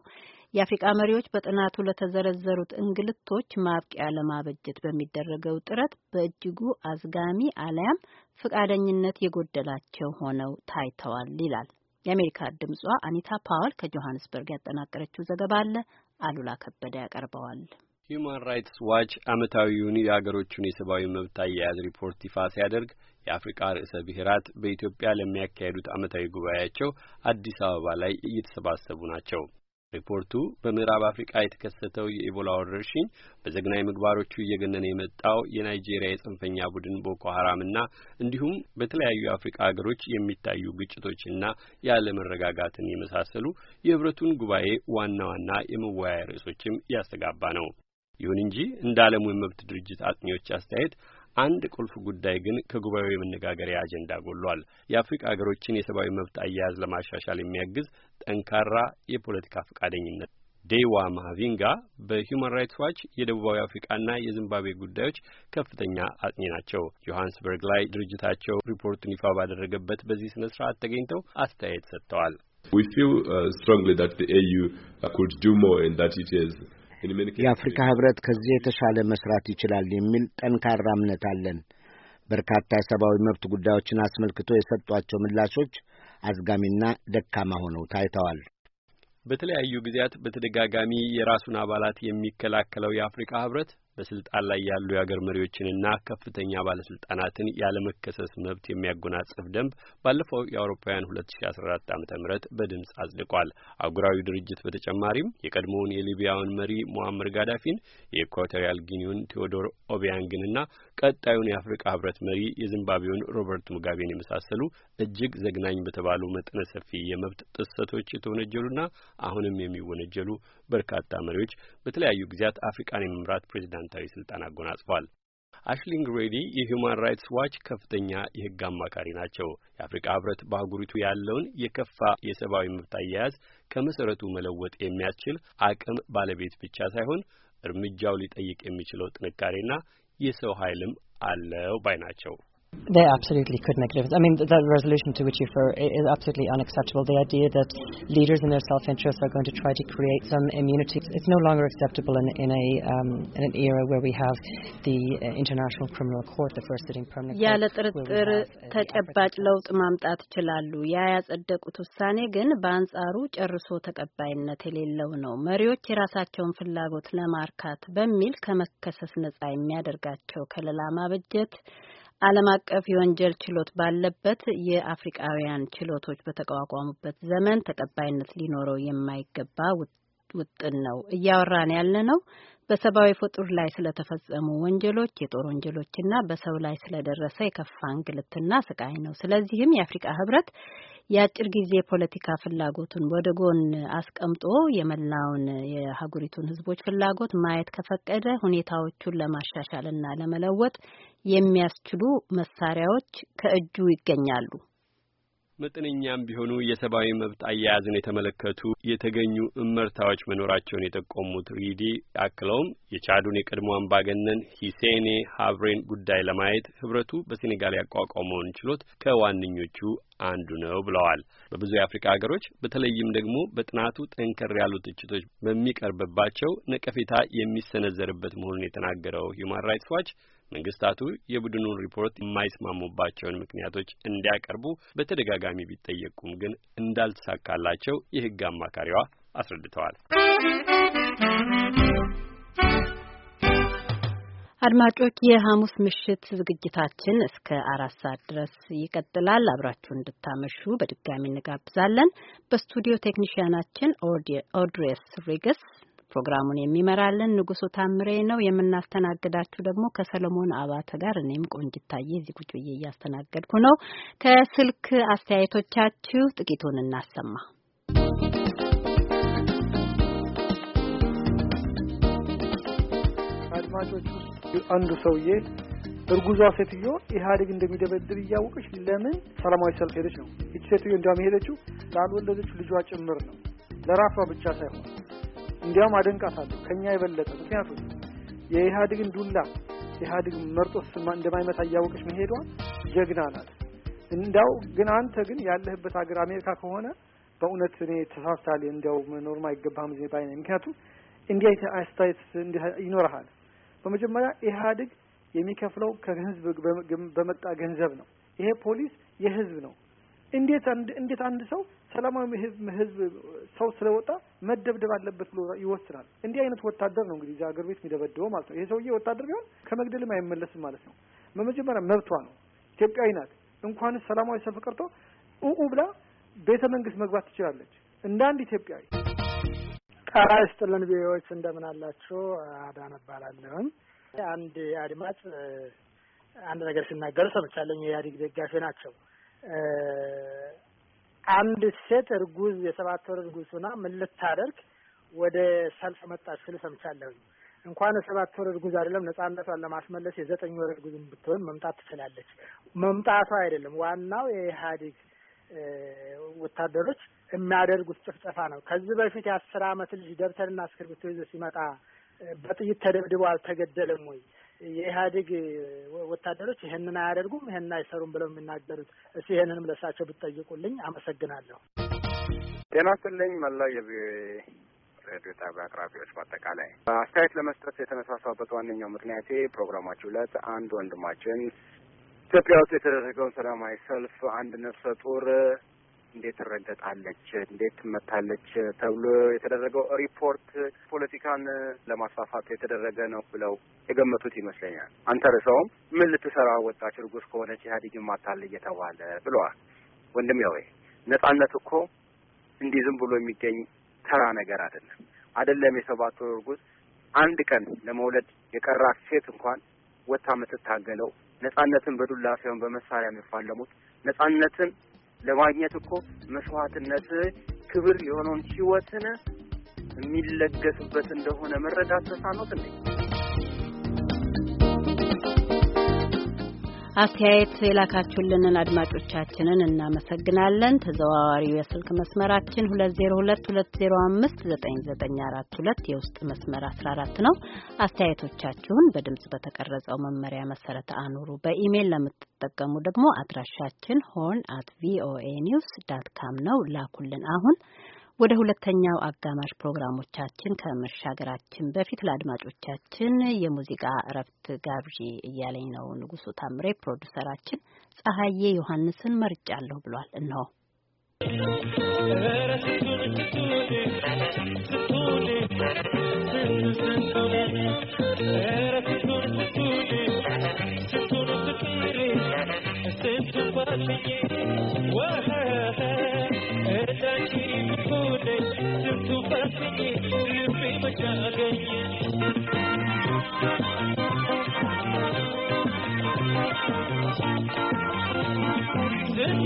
የአፍሪካ መሪዎች በጥናቱ ለተዘረዘሩት እንግልቶች ማብቂያ ለማበጀት በሚደረገው ጥረት በእጅጉ አዝጋሚ አለያም ፈቃደኝነት የጎደላቸው ሆነው ታይተዋል ይላል። የአሜሪካ ድምጿ አኒታ ፓወል ከጆሀንስበርግ ያጠናቀረችው ዘገባ አለ። አሉላ ከበደ ያቀርበዋል። ሂዩማን ራይትስ ዋች ዓመታዊውን የአገሮቹን የሰብአዊ መብት አያያዝ ሪፖርት ይፋ ሲያደርግ የአፍሪቃ ርዕሰ ብሔራት በኢትዮጵያ ለሚያካሄዱት ዓመታዊ ጉባኤያቸው አዲስ አበባ ላይ እየተሰባሰቡ ናቸው። ሪፖርቱ በምዕራብ አፍሪቃ የተከሰተው የኢቦላ ወረርሽኝ፣ በዘግናይ ምግባሮቹ እየገነነ የመጣው የናይጄሪያ የጽንፈኛ ቡድን ቦኮ ሀራምና እንዲሁም በተለያዩ የአፍሪቃ ሀገሮች የሚታዩ ግጭቶችና ያለመረጋጋትን የመሳሰሉ የህብረቱን ጉባኤ ዋና ዋና የመወያያ ርዕሶችም ያስተጋባ ነው። ይሁን እንጂ እንደ ዓለሙ የመብት ድርጅት አጥኚዎች አስተያየት አንድ ቁልፍ ጉዳይ ግን ከጉባኤው የመነጋገሪያ አጀንዳ ጎሏል። የአፍሪካ ሀገሮችን የሰብአዊ መብት አያያዝ ለማሻሻል የሚያግዝ ጠንካራ የፖለቲካ ፈቃደኝነት። ዴዋ ማቪንጋ በሂውማን ራይትስ ዋች የደቡባዊ አፍሪቃና የዚምባብዌ ጉዳዮች ከፍተኛ አጥኚ ናቸው። ጆሀንስበርግ ላይ ድርጅታቸው ሪፖርቱን ይፋ ባደረገበት በዚህ ስነ ስርዓት ተገኝተው አስተያየት ሰጥተዋል። We feel uh, strongly that the AU uh, could do more and that it is የአፍሪካ ህብረት ከዚህ የተሻለ መስራት ይችላል የሚል ጠንካራ እምነት አለን። በርካታ የሰብአዊ መብት ጉዳዮችን አስመልክቶ የሰጧቸው ምላሾች አዝጋሚና ደካማ ሆነው ታይተዋል። በተለያዩ ጊዜያት በተደጋጋሚ የራሱን አባላት የሚከላከለው የአፍሪካ ህብረት በስልጣን ላይ ያሉ የአገር መሪዎችንና ከፍተኛ ባለስልጣናትን ያለመከሰስ መብት የሚያጎናጽፍ ደንብ ባለፈው የአውሮፓውያን 2014 ዓ.ም በድምፅ አጽድቋል። አህጉራዊ ድርጅት በተጨማሪም የቀድሞውን የሊቢያውን መሪ ሙአምር ጋዳፊን፣ የኢኳቶሪያል ጊኒውን ቴዎዶር ኦቢያንግንና ቀጣዩን የአፍሪካ ህብረት መሪ የዚምባብዌውን ሮበርት ሙጋቤን የመሳሰሉ እጅግ ዘግናኝ በተባሉ መጠነ ሰፊ የመብት ጥሰቶች የተወነጀሉና አሁንም የሚወነጀሉ በርካታ መሪዎች በተለያዩ ጊዜያት አፍሪካን የመምራት ፕሬዚዳንታዊ ስልጣን አጎናጽፏል። አሽሊንግ ሬዲ የሂውማን ራይትስ ዋች ከፍተኛ የህግ አማካሪ ናቸው። የአፍሪካ ህብረት በአህጉሪቱ ያለውን የከፋ የሰብአዊ መብት አያያዝ ከመሰረቱ መለወጥ የሚያስችል አቅም ባለቤት ብቻ ሳይሆን እርምጃው ሊጠይቅ የሚችለው ጥንካሬና የሰው ኃይልም አለው ባይ ናቸው። They absolutely could make a difference. I mean, the, the resolution to which you refer is absolutely unacceptable. The idea that leaders in their self-interest are going to try to create some immunity, it's no longer acceptable in, in, a, um, in an era where we have the uh, International Criminal Court, the first sitting permanent court. ያለ ጥርጥር uh, ተጨባጭ ዓለም አቀፍ የወንጀል ችሎት ባለበት የአፍሪቃውያን ችሎቶች በተቋቋሙበት ዘመን ተቀባይነት ሊኖረው የማይገባ ውጥን ነው። እያወራን ያለ ነው በሰብአዊ ፍጡር ላይ ስለተፈጸሙ ወንጀሎች፣ የጦር ወንጀሎችና በሰው ላይ ስለደረሰ የከፋ እንግልትና ስቃይ ነው። ስለዚህም የአፍሪቃ ህብረት የአጭር ጊዜ ፖለቲካ ፍላጎቱን ወደ ጎን አስቀምጦ የመላውን የሀገሪቱን ሕዝቦች ፍላጎት ማየት ከፈቀደ ሁኔታዎቹን ለማሻሻል ለመለወጥ የሚያስችሉ መሳሪያዎች ከእጁ ይገኛሉ። መጠነኛም ቢሆኑ የሰብአዊ መብት አያያዝን የተመለከቱ የተገኙ እመርታዎች መኖራቸውን የጠቆሙት ሪዲ አክለውም የቻዱን የቀድሞ አምባገነን ሂሴኔ ሀብሬን ጉዳይ ለማየት ህብረቱ በሴኔጋል ያቋቋመውን ችሎት ከዋነኞቹ አንዱ ነው ብለዋል። በብዙ የአፍሪካ ሀገሮች በተለይም ደግሞ በጥናቱ ጠንከር ያሉ ትችቶች በሚቀርብባቸው ነቀፌታ የሚሰነዘርበት መሆኑን የተናገረው ሂውማን ራይትስ ዋች መንግስታቱ የቡድኑን ሪፖርት የማይስማሙባቸውን ምክንያቶች እንዲያቀርቡ በተደጋጋሚ ቢጠየቁም ግን እንዳልተሳካላቸው የህግ አማካሪዋ አስረድተዋል። አድማጮች፣ የሐሙስ ምሽት ዝግጅታችን እስከ አራት ሰዓት ድረስ ይቀጥላል። አብራችሁ እንድታመሹ በድጋሚ እንጋብዛለን። በስቱዲዮ ቴክኒሽያናችን ኦድሬስ ሪገስ ፕሮግራሙን የሚመራልን ንጉሱ ታምሬ ነው። የምናስተናግዳችሁ ደግሞ ከሰለሞን አባተ ጋር እኔም ቆንጅታዬ እዚህ ቁጭ ብዬ እያስተናገድኩ ነው። ከስልክ አስተያየቶቻችሁ ጥቂቱን እናሰማ። አድማጮች ውስጥ አንዱ ሰውዬ እርጉዟ ሴትዮ ኢህአዴግ እንደሚደበድብ እያወቀች ለምን ሰላማዊ ሰልፍ ሄደች ነው? ይች ሴትዮ እንዲያውም የሄደችው ላልወለደችው ልጇ ጭምር ነው፣ ለራሷ ብቻ ሳይሆን እንዲያውም አደንቃታለሁ ከኛ የበለጠ ምክንያቱም የኢህአዴግን ዱላ ኢህአዴግ መርጦ እንደማይመታ እያወቀች መሄዷ ጀግና ናት። እንዳው ግን አንተ ግን ያለህበት ሀገር አሜሪካ ከሆነ በእውነት እኔ ተሳስታል እንዲያው መኖርም አይገባህም እዚህ ባይ ነኝ። ምክንያቱም እንዲህ አስተያየት ይኖርሃል። በመጀመሪያ ኢህአዴግ የሚከፍለው ከህዝብ በመጣ ገንዘብ ነው። ይሄ ፖሊስ የህዝብ ነው። እንዴት እንዴት አንድ ሰው ሰላማዊ ህዝብ ህዝብ ሰው ስለወጣ መደብደብ አለበት ብሎ ይወስናል። እንዲህ አይነት ወታደር ነው እንግዲህ እዚያ ሀገር ቤት የሚደበድበው ማለት ነው። ይሄ ሰውዬ ወታደር ቢሆን ከመግደልም አይመለስም ማለት ነው። በመጀመሪያ መብቷ ነው፣ ኢትዮጵያዊ ናት። እንኳንስ ሰላማዊ ሰልፍ ቀርቶ ኡኡ ብላ ቤተ መንግስት መግባት ትችላለች እንደ አንድ ኢትዮጵያዊ። ጣራ ስጥልን ቢዎች እንደምን አላችሁ? አዳነ እባላለሁኝ። አንድ አድማጭ አንድ ነገር ሲናገሩ ሰምቻለኝ። የኢህአዴግ ደጋፊ ናቸው አንድ ሴት እርጉዝ የሰባት ወር እርጉዝ ሆና ምን ልታደርግ ወደ ሰልፍ መጣች ስል ሰምቻለሁ። እንኳን የሰባት ወር እርጉዝ አይደለም ነጻነቷን ለማስመለስ የዘጠኝ ወር እርጉዝ ብትሆን መምጣት ትችላለች። መምጣቷ አይደለም ዋናው የኢህአዴግ ወታደሮች የሚያደርጉት ጭፍጨፋ ነው። ከዚህ በፊት የአስር አመት ልጅ ደብተርና እስክርቢቶ ይዞ ሲመጣ በጥይት ተደብድቦ አልተገደለም ወይ? የኢህአዴግ ወታደሮች ይህንን አያደርጉም፣ ይህንን አይሰሩም ብለው የሚናገሩት እሱ ይህንንም ለሳቸው ብትጠይቁልኝ አመሰግናለሁ። ጤና ይስጥልኝ መላው የቪኦኤ ሬዲዮ ጣቢያ አቅራቢዎች። በአጠቃላይ አስተያየት ለመስጠት የተነሳሳበት ዋነኛው ምክንያቴ ፕሮግራማችሁ ዕለት አንድ ወንድማችን ኢትዮጵያ ውስጥ የተደረገውን ሰላማዊ ሰልፍ አንድ ነፍሰ ጡር እንዴት ትረገጣለች፣ እንዴት ትመታለች ተብሎ የተደረገው ሪፖርት ፖለቲካን ለማስፋፋት የተደረገ ነው ብለው የገመቱት ይመስለኛል። አንተ ርሰውም ምን ልትሰራ ወጣች እርጉዝ ከሆነች ኢህአዴግን ማታል እየተባለ ብለዋል። ወንድም ያው ነጻነት እኮ እንዲህ ዝም ብሎ የሚገኝ ተራ ነገር አይደለም። አይደለም የሰባት ወር እርጉዝ አንድ ቀን ለመውለድ የቀራት ሴት እንኳን ወታ የምትታገለው ነጻነትን በዱላ ሳይሆን በመሳሪያ የሚፋለሙት ነጻነትን ለማግኘት እኮ መስዋዕትነት ክብር የሆነውን ህይወትን የሚለገስበት እንደሆነ መረዳት ተሳኖት እንዴ? አስተያየት የላካችሁልንን አድማጮቻችንን እናመሰግናለን። ተዘዋዋሪው የስልክ መስመራችን 2022059942 የውስጥ መስመር 14 ነው። አስተያየቶቻችሁን በድምጽ በተቀረጸው መመሪያ መሰረት አኑሩ። በኢሜይል ለምትጠቀሙ ደግሞ አድራሻችን ሆን አት ቪኦኤ ኒውስ ዳት ካም ነው። ላኩልን አሁን ወደ ሁለተኛው አጋማሽ ፕሮግራሞቻችን ከመሻገራችን በፊት ለአድማጮቻችን የሙዚቃ እረፍት ጋብዢ እያለኝ ነው ንጉሱ ታምሬ ፕሮዲሰራችን። ፀሐዬ ዮሐንስን መርጫለሁ ብሏል። እነሆ What?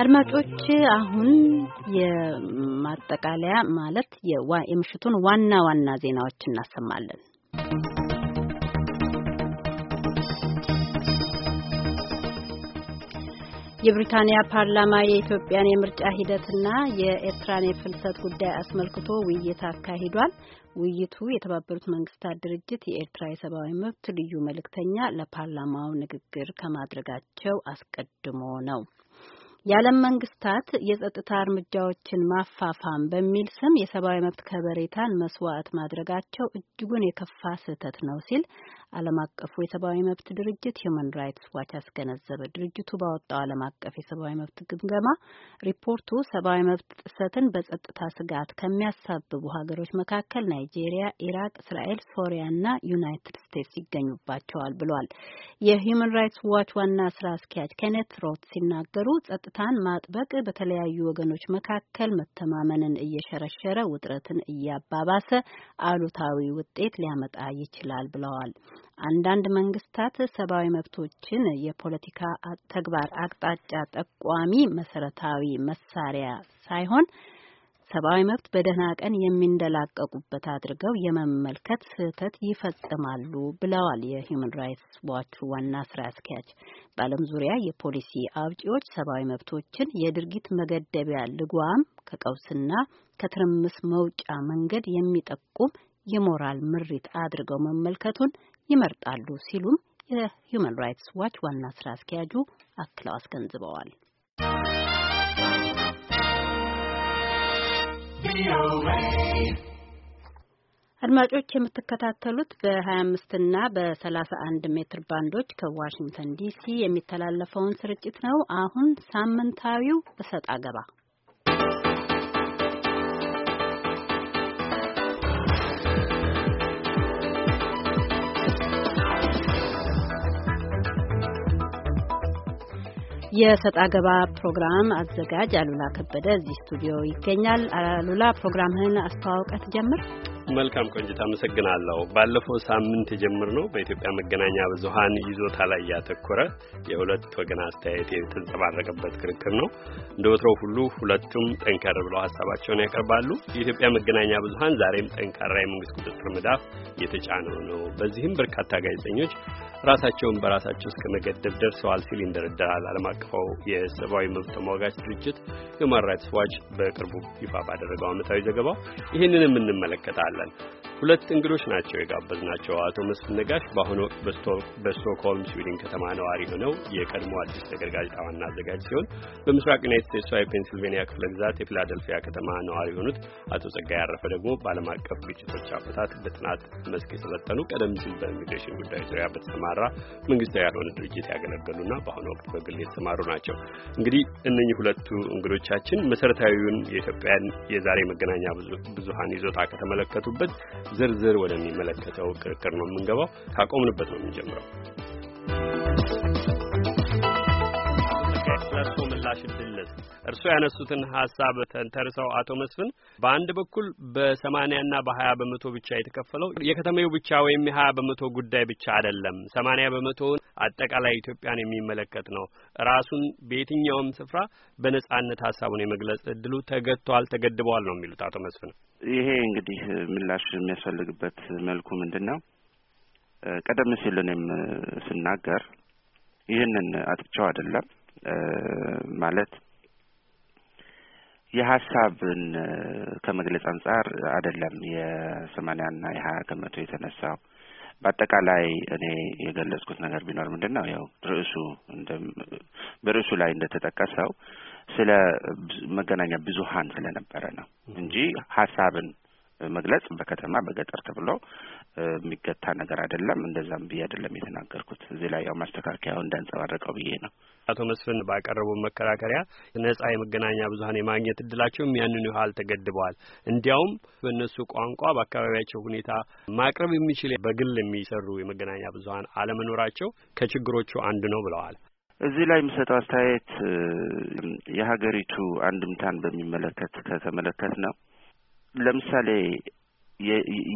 አድማጮች አሁን የማጠቃለያ ማለት የምሽቱን ዋና ዋና ዜናዎች እናሰማለን። የብሪታንያ ፓርላማ የኢትዮጵያን የምርጫ ሂደትና የኤርትራን የፍልሰት ጉዳይ አስመልክቶ ውይይት አካሂዷል። ውይይቱ የተባበሩት መንግስታት ድርጅት የኤርትራ የሰብአዊ መብት ልዩ መልእክተኛ ለፓርላማው ንግግር ከማድረጋቸው አስቀድሞ ነው። የዓለም መንግስታት የጸጥታ እርምጃዎችን ማፋፋም በሚል ስም የሰብአዊ መብት ከበሬታን መስዋዕት ማድረጋቸው እጅጉን የከፋ ስህተት ነው ሲል ዓለም አቀፉ የሰብአዊ መብት ድርጅት ሂዩማን ራይትስ ዋች አስገነዘበ። ድርጅቱ ባወጣው ዓለም አቀፍ የሰብአዊ መብት ግምገማ ሪፖርቱ ሰብአዊ መብት ጥሰትን በጸጥታ ስጋት ከሚያሳብቡ ሀገሮች መካከል ናይጄሪያ፣ ኢራቅ፣ እስራኤል፣ ሶሪያና ዩናይትድ ስቴትስ ይገኙባቸዋል ብሏል። የሂዩማን ራይትስ ዋች ዋና ስራ አስኪያጅ ኬኔት ሮት ሲናገሩ ጸጥታን ማጥበቅ በተለያዩ ወገኖች መካከል መተማመንን እየሸረሸረ ውጥረትን እያባባሰ አሉታዊ ውጤት ሊያመጣ ይችላል ብለዋል። አንዳንድ መንግስታት ሰብአዊ መብቶችን የፖለቲካ ተግባር አቅጣጫ ጠቋሚ መሰረታዊ መሳሪያ ሳይሆን ሰብአዊ መብት በደህና ቀን የሚንደላቀቁበት አድርገው የመመልከት ስህተት ይፈጽማሉ ብለዋል የሂውማን ራይትስ ዋች ዋና ስራ አስኪያጅ። በዓለም ዙሪያ የፖሊሲ አውጪዎች ሰብአዊ መብቶችን የድርጊት መገደቢያ ልጓም ከቀውስና ከትርምስ መውጫ መንገድ የሚጠቁም የሞራል ምሪት አድርገው መመልከቱን ይመርጣሉ ሲሉም የሂውማን ራይትስ ዋች ዋና ስራ አስኪያጁ አክለው አስገንዝበዋል። አድማጮች የምትከታተሉት በ25 እና በ31 ሜትር ባንዶች ከዋሽንግተን ዲሲ የሚተላለፈውን ስርጭት ነው። አሁን ሳምንታዊው እሰጥ አገባ የሰጣ ገባ ፕሮግራም አዘጋጅ አሉላ ከበደ እዚህ ስቱዲዮ ይገኛል። አሉላ ፕሮግራምህን አስተዋውቀት ጀምር። መልካም ቆንጅት፣ አመሰግናለሁ። ባለፈው ሳምንት የጀመርነው በኢትዮጵያ መገናኛ ብዙኃን ይዞታ ላይ ያተኮረ የሁለት ወገን አስተያየት የተንጸባረቀበት ክርክር ነው። እንደ ወትሮው ሁሉ ሁለቱም ጠንከር ብለው ሀሳባቸውን ያቀርባሉ። የኢትዮጵያ መገናኛ ብዙኃን ዛሬም ጠንካራ የመንግስት ቁጥጥር መዳፍ የተጫነው ነው። በዚህም በርካታ ጋዜጠኞች ራሳቸውን በራሳቸው እስከ መገደብ ደርሰዋል ሲል ይንደረደራል ዓለም አቀፋው የሰብአዊ መብት ተሟጋች ድርጅት ሁማን ራይትስ ዋች በቅርቡ ይፋ ባደረገው ዓመታዊ ዘገባው ይህንንም እንመለከታለን። እንቀጥላለን። ሁለት እንግዶች ናቸው የጋበዝናቸው። አቶ መስፍን ነጋሽ በአሁኑ ወቅት በስቶክሆልም ስዊድን ከተማ ነዋሪ ሆነው የቀድሞ አዲስ ነገር ጋዜጣ ዋና አዘጋጅ ሲሆን በምስራቅ ዩናይት ስቴትሷ የፔንስልቬንያ ክፍለ ግዛት የፊላደልፊያ ከተማ ነዋሪ የሆኑት አቶ ጸጋይ አረፈ ደግሞ በዓለም አቀፍ ግጭቶች አፈታት በጥናት መስክ የሰለጠኑ ቀደም ሲል በኢሚግሬሽን ጉዳይ ዙሪያ በተሰማራ መንግስታዊ ያልሆነ ድርጅት ያገለገሉና በአሁኑ ወቅት በግል የተሰማሩ ናቸው። እንግዲህ እነኚህ ሁለቱ እንግዶቻችን መሰረታዊውን የኢትዮጵያን የዛሬ መገናኛ ብዙሀን ይዞታ ከተመለከቱ ባላችሁበት ዝርዝር ወደሚመለከተው ክርክር ነው የምንገባው። ካቆምንበት ነው የምንጀምረው። ምላሽ እድል እርስዎ ያነሱትን ሀሳብ ተንተርሰው አቶ መስፍን በአንድ በኩል በሰማኒያና በሀያ በመቶ ብቻ የተከፈለው የከተማው ብቻ ወይም የሀያ በመቶ ጉዳይ ብቻ አይደለም። ሰማኒያ በመቶውን አጠቃላይ ኢትዮጵያን የሚመለከት ነው። ራሱን በየትኛውም ስፍራ በነጻነት ሀሳቡን የመግለጽ እድሉ ተገድቷል፣ ተገድበዋል ነው የሚሉት አቶ መስፍን። ይሄ እንግዲህ ምላሽ የሚያስፈልግበት መልኩ ምንድን ነው? ቀደም ሲል እኔም ስናገር ይህንን አጥቻው አይደለም ማለት የሀሳብን ከመግለጽ አንጻር አይደለም ና የሀያ ከመቶ የተነሳው። በአጠቃላይ እኔ የገለጽኩት ነገር ቢኖር ምንድን ነው ያው ርዕሱ በርዕሱ ላይ እንደተጠቀሰው ስለ መገናኛ ብዙኃን ስለነበረ ነው እንጂ ሀሳብን መግለጽ በከተማ በገጠር ተብሎ የሚገታ ነገር አይደለም። እንደዛም ብዬ አይደለም የተናገርኩት። እዚህ ላይ ያው ማስተካከያው እንዳንጸባረቀው ብዬ ነው። አቶ መስፍን ባቀረቡ መከራከሪያ ነጻ የመገናኛ ብዙኃን የማግኘት እድላቸውም ያንን ያህል ተገድበዋል። እንዲያውም በእነሱ ቋንቋ በአካባቢያቸው ሁኔታ ማቅረብ የሚችል በግል የሚሰሩ የመገናኛ ብዙኃን አለመኖራቸው ከችግሮቹ አንዱ ነው ብለዋል። እዚህ ላይ የምሰጠው አስተያየት የሀገሪቱ አንድምታን በሚመለከት ከተመለከት ነው። ለምሳሌ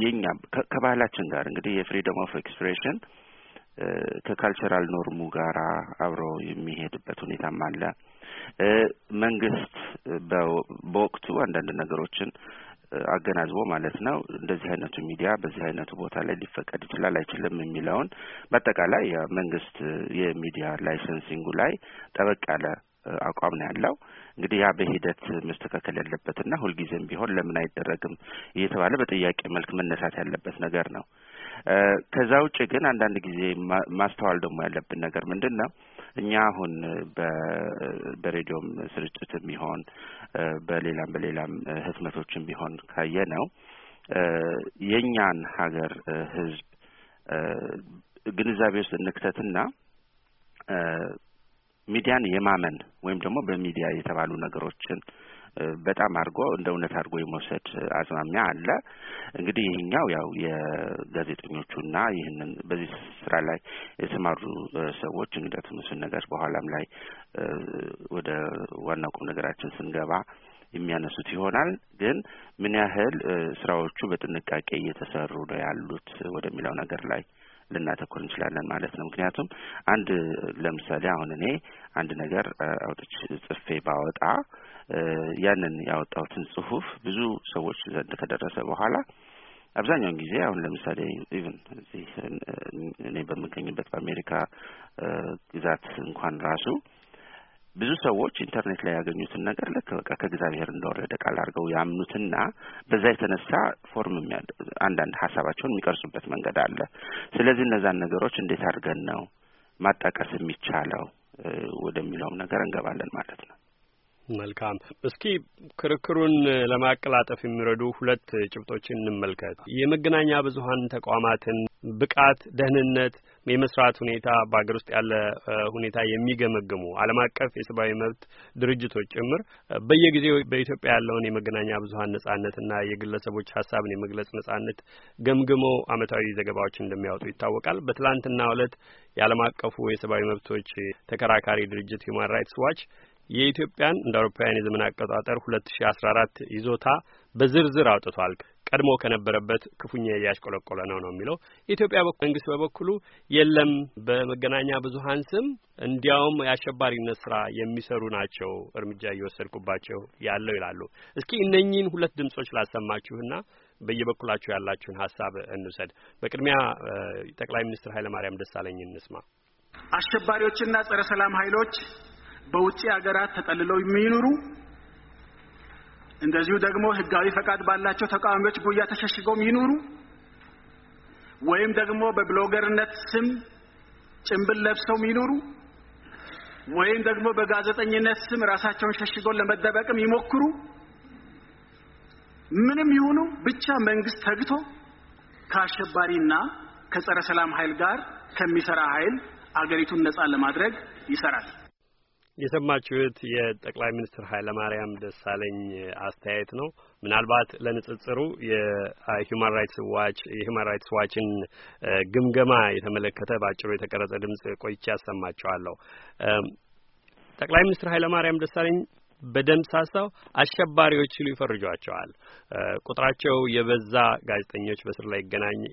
የኛ ከባህላችን ጋር እንግዲህ የፍሪደም ኦፍ ኤክስፕሬሽን ከካልቸራል ኖርሙ ጋር አብሮ የሚሄድበት ሁኔታም አለ። መንግስት በወቅቱ አንዳንድ ነገሮችን አገናዝቦ ማለት ነው እንደዚህ አይነቱ ሚዲያ በዚህ አይነቱ ቦታ ላይ ሊፈቀድ ይችላል አይችልም የሚለውን በአጠቃላይ መንግስት የሚዲያ ላይሰንሲንጉ ላይ ጠበቅ ያለ አቋም ነው ያለው። እንግዲህ ያ በሂደት መስተካከል ያለበትና ሁልጊዜም ቢሆን ለምን አይደረግም እየተባለ በጥያቄ መልክ መነሳት ያለበት ነገር ነው። ከዛ ውጭ ግን አንዳንድ ጊዜ ማስተዋል ደግሞ ያለብን ነገር ምንድን ነው? እኛ አሁን በሬዲዮም ስርጭትም ቢሆን በሌላም በሌላም ህትመቶችም ቢሆን ካየ ነው የእኛን ሀገር ህዝብ ግንዛቤ ውስጥ እንክተትና ሚዲያን የማመን ወይም ደግሞ በሚዲያ የተባሉ ነገሮችን በጣም አድርጎ እንደ እውነት አድርጎ የመውሰድ አዝማሚያ አለ። እንግዲህ ይህኛው ያው የጋዜጠኞቹና ይህንን በዚህ ስራ ላይ የተማሩ ሰዎች እንግዳት ነገር በኋላም ላይ ወደ ዋናው ቁም ነገራችን ስንገባ የሚያነሱት ይሆናል። ግን ምን ያህል ስራዎቹ በጥንቃቄ እየተሰሩ ነው ያሉት ወደሚለው ነገር ላይ ልናተኩር እንችላለን ማለት ነው። ምክንያቱም አንድ ለምሳሌ አሁን እኔ አንድ ነገር አውጥቼ ጽፌ ባወጣ ያንን ያወጣሁትን ጽሁፍ ብዙ ሰዎች ዘንድ ከደረሰ በኋላ አብዛኛውን ጊዜ አሁን ለምሳሌ ኢቭን እዚህ እኔ በምገኝበት በአሜሪካ ግዛት እንኳን ራሱ ብዙ ሰዎች ኢንተርኔት ላይ ያገኙትን ነገር ልክ በቃ ከእግዚአብሔር እንደወረደ ቃል አድርገው ያምኑትና በዛ የተነሳ ፎርም አንዳንድ ሀሳባቸውን የሚቀርጹበት መንገድ አለ። ስለዚህ እነዛን ነገሮች እንዴት አድርገን ነው ማጣቀስ የሚቻለው ወደሚለውም ነገር እንገባለን ማለት ነው። መልካም። እስኪ ክርክሩን ለማቀላጠፍ የሚረዱ ሁለት ጭብጦችን እንመልከት። የመገናኛ ብዙኃን ተቋማትን ብቃት፣ ደህንነት የመስራት ሁኔታ በሀገር ውስጥ ያለ ሁኔታ የሚገመግሙ ዓለም አቀፍ የሰብአዊ መብት ድርጅቶች ጭምር በየጊዜው በኢትዮጵያ ያለውን የመገናኛ ብዙሀን ነጻነትና የግለሰቦች ሀሳብን የመግለጽ ነጻነት ገምግመው አመታዊ ዘገባዎች እንደሚያወጡ ይታወቃል። በትላንትና ዕለት የዓለም አቀፉ የሰብአዊ መብቶች ተከራካሪ ድርጅት ሂማን ራይትስ ዋች የኢትዮጵያን እንደ አውሮፓውያን የዘመን አቆጣጠር 2014 ይዞታ በዝርዝር አውጥቷል። ቀድሞ ከነበረበት ክፉኛ እያሽቆለቆለ ነው ነው የሚለው የኢትዮጵያ መንግስት በበኩሉ የለም፣ በመገናኛ ብዙሀን ስም እንዲያውም የአሸባሪነት ስራ የሚሰሩ ናቸው እርምጃ እየወሰድኩባቸው ያለው ይላሉ። እስኪ እነኚህን ሁለት ድምጾች ላሰማችሁና በየበኩላችሁ ያላችሁን ሀሳብ እንውሰድ። በቅድሚያ ጠቅላይ ሚኒስትር ኃይለማርያም ደሳለኝ እንስማ። አሸባሪዎችና ጸረ ሰላም ኃይሎች በውጭ ሀገራት ተጠልለው የሚኖሩ እንደዚሁ ደግሞ ህጋዊ ፈቃድ ባላቸው ተቃዋሚዎች ጉያ ተሸሽገውም ይኑሩ ወይም ደግሞ በብሎገርነት ስም ጭንብል ለብሰውም ይኑሩ ወይም ደግሞ በጋዜጠኝነት ስም ራሳቸውን ሸሽገው ለመደበቅም ይሞክሩ፣ ምንም ይሁኑ ብቻ መንግስት ተግቶ ከአሸባሪና ከጸረ ሰላም ኃይል ጋር ከሚሰራ ኃይል አገሪቱን ነጻ ለማድረግ ይሰራል። የሰማችሁት የጠቅላይ ሚኒስትር ኃይለማርያም ደሳለኝ አስተያየት ነው። ምናልባት ለንጽጽሩ የሂዩማን ራይትስ ዋች የሂዩማን ራይትስ ዋችን ግምገማ የተመለከተ በአጭሩ የተቀረጸ ድምጽ ቆይቼ ያሰማችኋለሁ። ጠቅላይ ሚኒስትር ኃይለማርያም ደሳለኝ በደምሳሳው አሸባሪዎች ሲሉ ይፈርጇቸዋል። ቁጥራቸው የበዛ ጋዜጠኞች በስር ላይ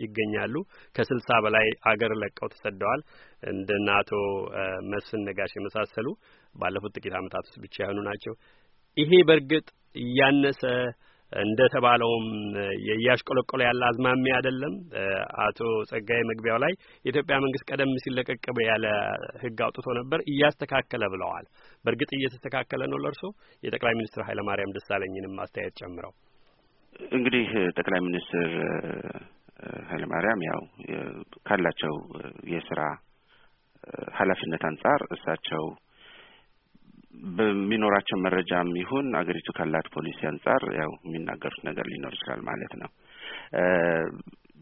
ይገኛሉ። ከስልሳ በላይ አገር ለቀው ተሰደዋል። እንደነ አቶ መስፍን ነጋሽ የመሳሰሉ ባለፉት ጥቂት ዓመታት ውስጥ ብቻ የሆኑ ናቸው። ይሄ በእርግጥ እያነሰ እንደ ተባለውም የያሽቆለቆለ ያለ አዝማሚያ አይደለም። አቶ ጸጋዬ መግቢያው ላይ የኢትዮጵያ መንግስት ቀደም ሲል ለቀቅ ያለ ህግ አውጥቶ ነበር እያስተካከለ ብለዋል። በእርግጥ እየተስተካከለ ነው? ለእርሶ የጠቅላይ ሚኒስትር ኃይለ ማርያም ደሳለኝንም አስተያየት ጨምረው። እንግዲህ ጠቅላይ ሚኒስትር ኃይለማርያም ያው ካላቸው የስራ ኃላፊነት አንጻር እሳቸው በሚኖራቸው መረጃም ይሁን አገሪቱ ካላት ፖሊሲ አንጻር ያው የሚናገሩት ነገር ሊኖር ይችላል ማለት ነው።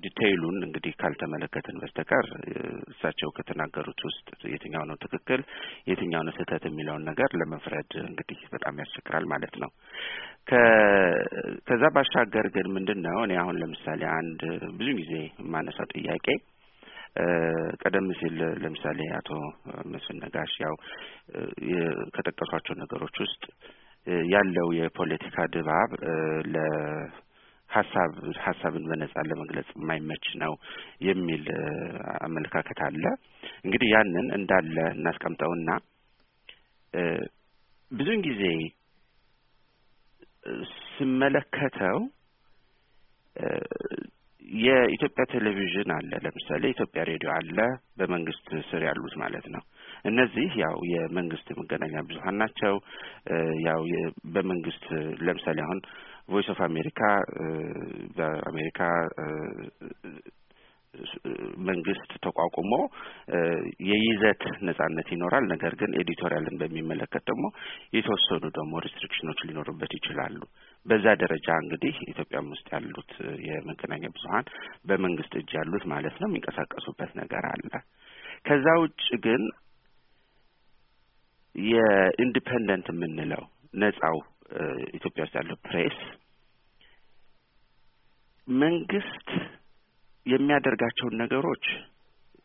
ዲቴይሉን እንግዲህ ካልተመለከትን በስተቀር እሳቸው ከተናገሩት ውስጥ የትኛው ነው ትክክል፣ የትኛው ነው ስህተት የሚለውን ነገር ለመፍረድ እንግዲህ በጣም ያስቸግራል ማለት ነው። ከዛ ባሻገር ግን ምንድን ነው እኔ አሁን ለምሳሌ አንድ ብዙ ጊዜ የማነሳው ጥያቄ ቀደም ሲል ለምሳሌ አቶ መስፍን ነጋሽ ያው ከጠቀሷቸው ነገሮች ውስጥ ያለው የፖለቲካ ድባብ ሀሳብ ሀሳብን በነጻ ለመግለጽ የማይመች ነው የሚል አመለካከት አለ። እንግዲህ ያንን እንዳለ እናስቀምጠውና ብዙውን ጊዜ ስመለከተው የኢትዮጵያ ቴሌቪዥን አለ፣ ለምሳሌ ኢትዮጵያ ሬዲዮ አለ፣ በመንግስት ስር ያሉት ማለት ነው። እነዚህ ያው የመንግስት መገናኛ ብዙሀን ናቸው። ያው በመንግስት ለምሳሌ አሁን ቮይስ ኦፍ አሜሪካ በአሜሪካ መንግስት ተቋቁሞ የይዘት ነጻነት ይኖራል። ነገር ግን ኤዲቶሪያልን በሚመለከት ደግሞ የተወሰኑ ደግሞ ሪስትሪክሽኖች ሊኖሩበት ይችላሉ። በዛ ደረጃ እንግዲህ ኢትዮጵያም ውስጥ ያሉት የመገናኛ ብዙኃን በመንግስት እጅ ያሉት ማለት ነው የሚንቀሳቀሱበት ነገር አለ። ከዛ ውጭ ግን የኢንዲፐንደንት የምንለው ነጻው ኢትዮጵያ ውስጥ ያለው ፕሬስ መንግስት የሚያደርጋቸውን ነገሮች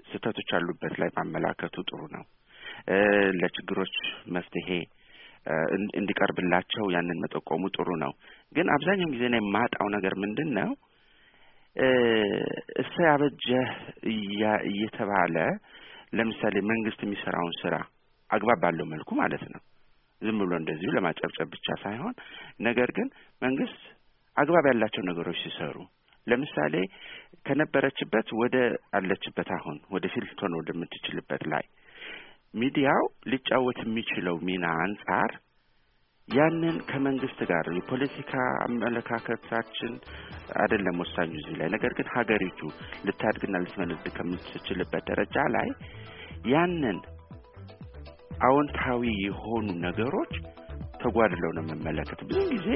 ስህተቶች አሉበት ላይ ማመላከቱ ጥሩ ነው። ለችግሮች መፍትሄ እንዲቀርብላቸው ያንን መጠቆሙ ጥሩ ነው። ግን አብዛኛውን ጊዜ ነው የማጣው ነገር ምንድን ነው እሰ ያበጀህ እየተባለ ለምሳሌ መንግስት የሚሰራውን ስራ አግባብ ባለው መልኩ ማለት ነው ዝም ብሎ እንደዚሁ ለማጨብጨብ ብቻ ሳይሆን ነገር ግን መንግስት አግባብ ያላቸው ነገሮች ሲሰሩ ለምሳሌ ከነበረችበት ወደ አለችበት አሁን ወደ ልትሆን ወደምትችልበት ላይ ሚዲያው ሊጫወት የሚችለው ሚና አንጻር ያንን ከመንግስት ጋር የፖለቲካ አመለካከታችን አይደለም ወሳኙ እዚህ ላይ። ነገር ግን ሀገሪቱ ልታድግና ልትመነድ ከምትችልበት ደረጃ ላይ ያንን አዎንታዊ የሆኑ ነገሮች ተጓድለው ነው የምመለከት ብዙ ጊዜ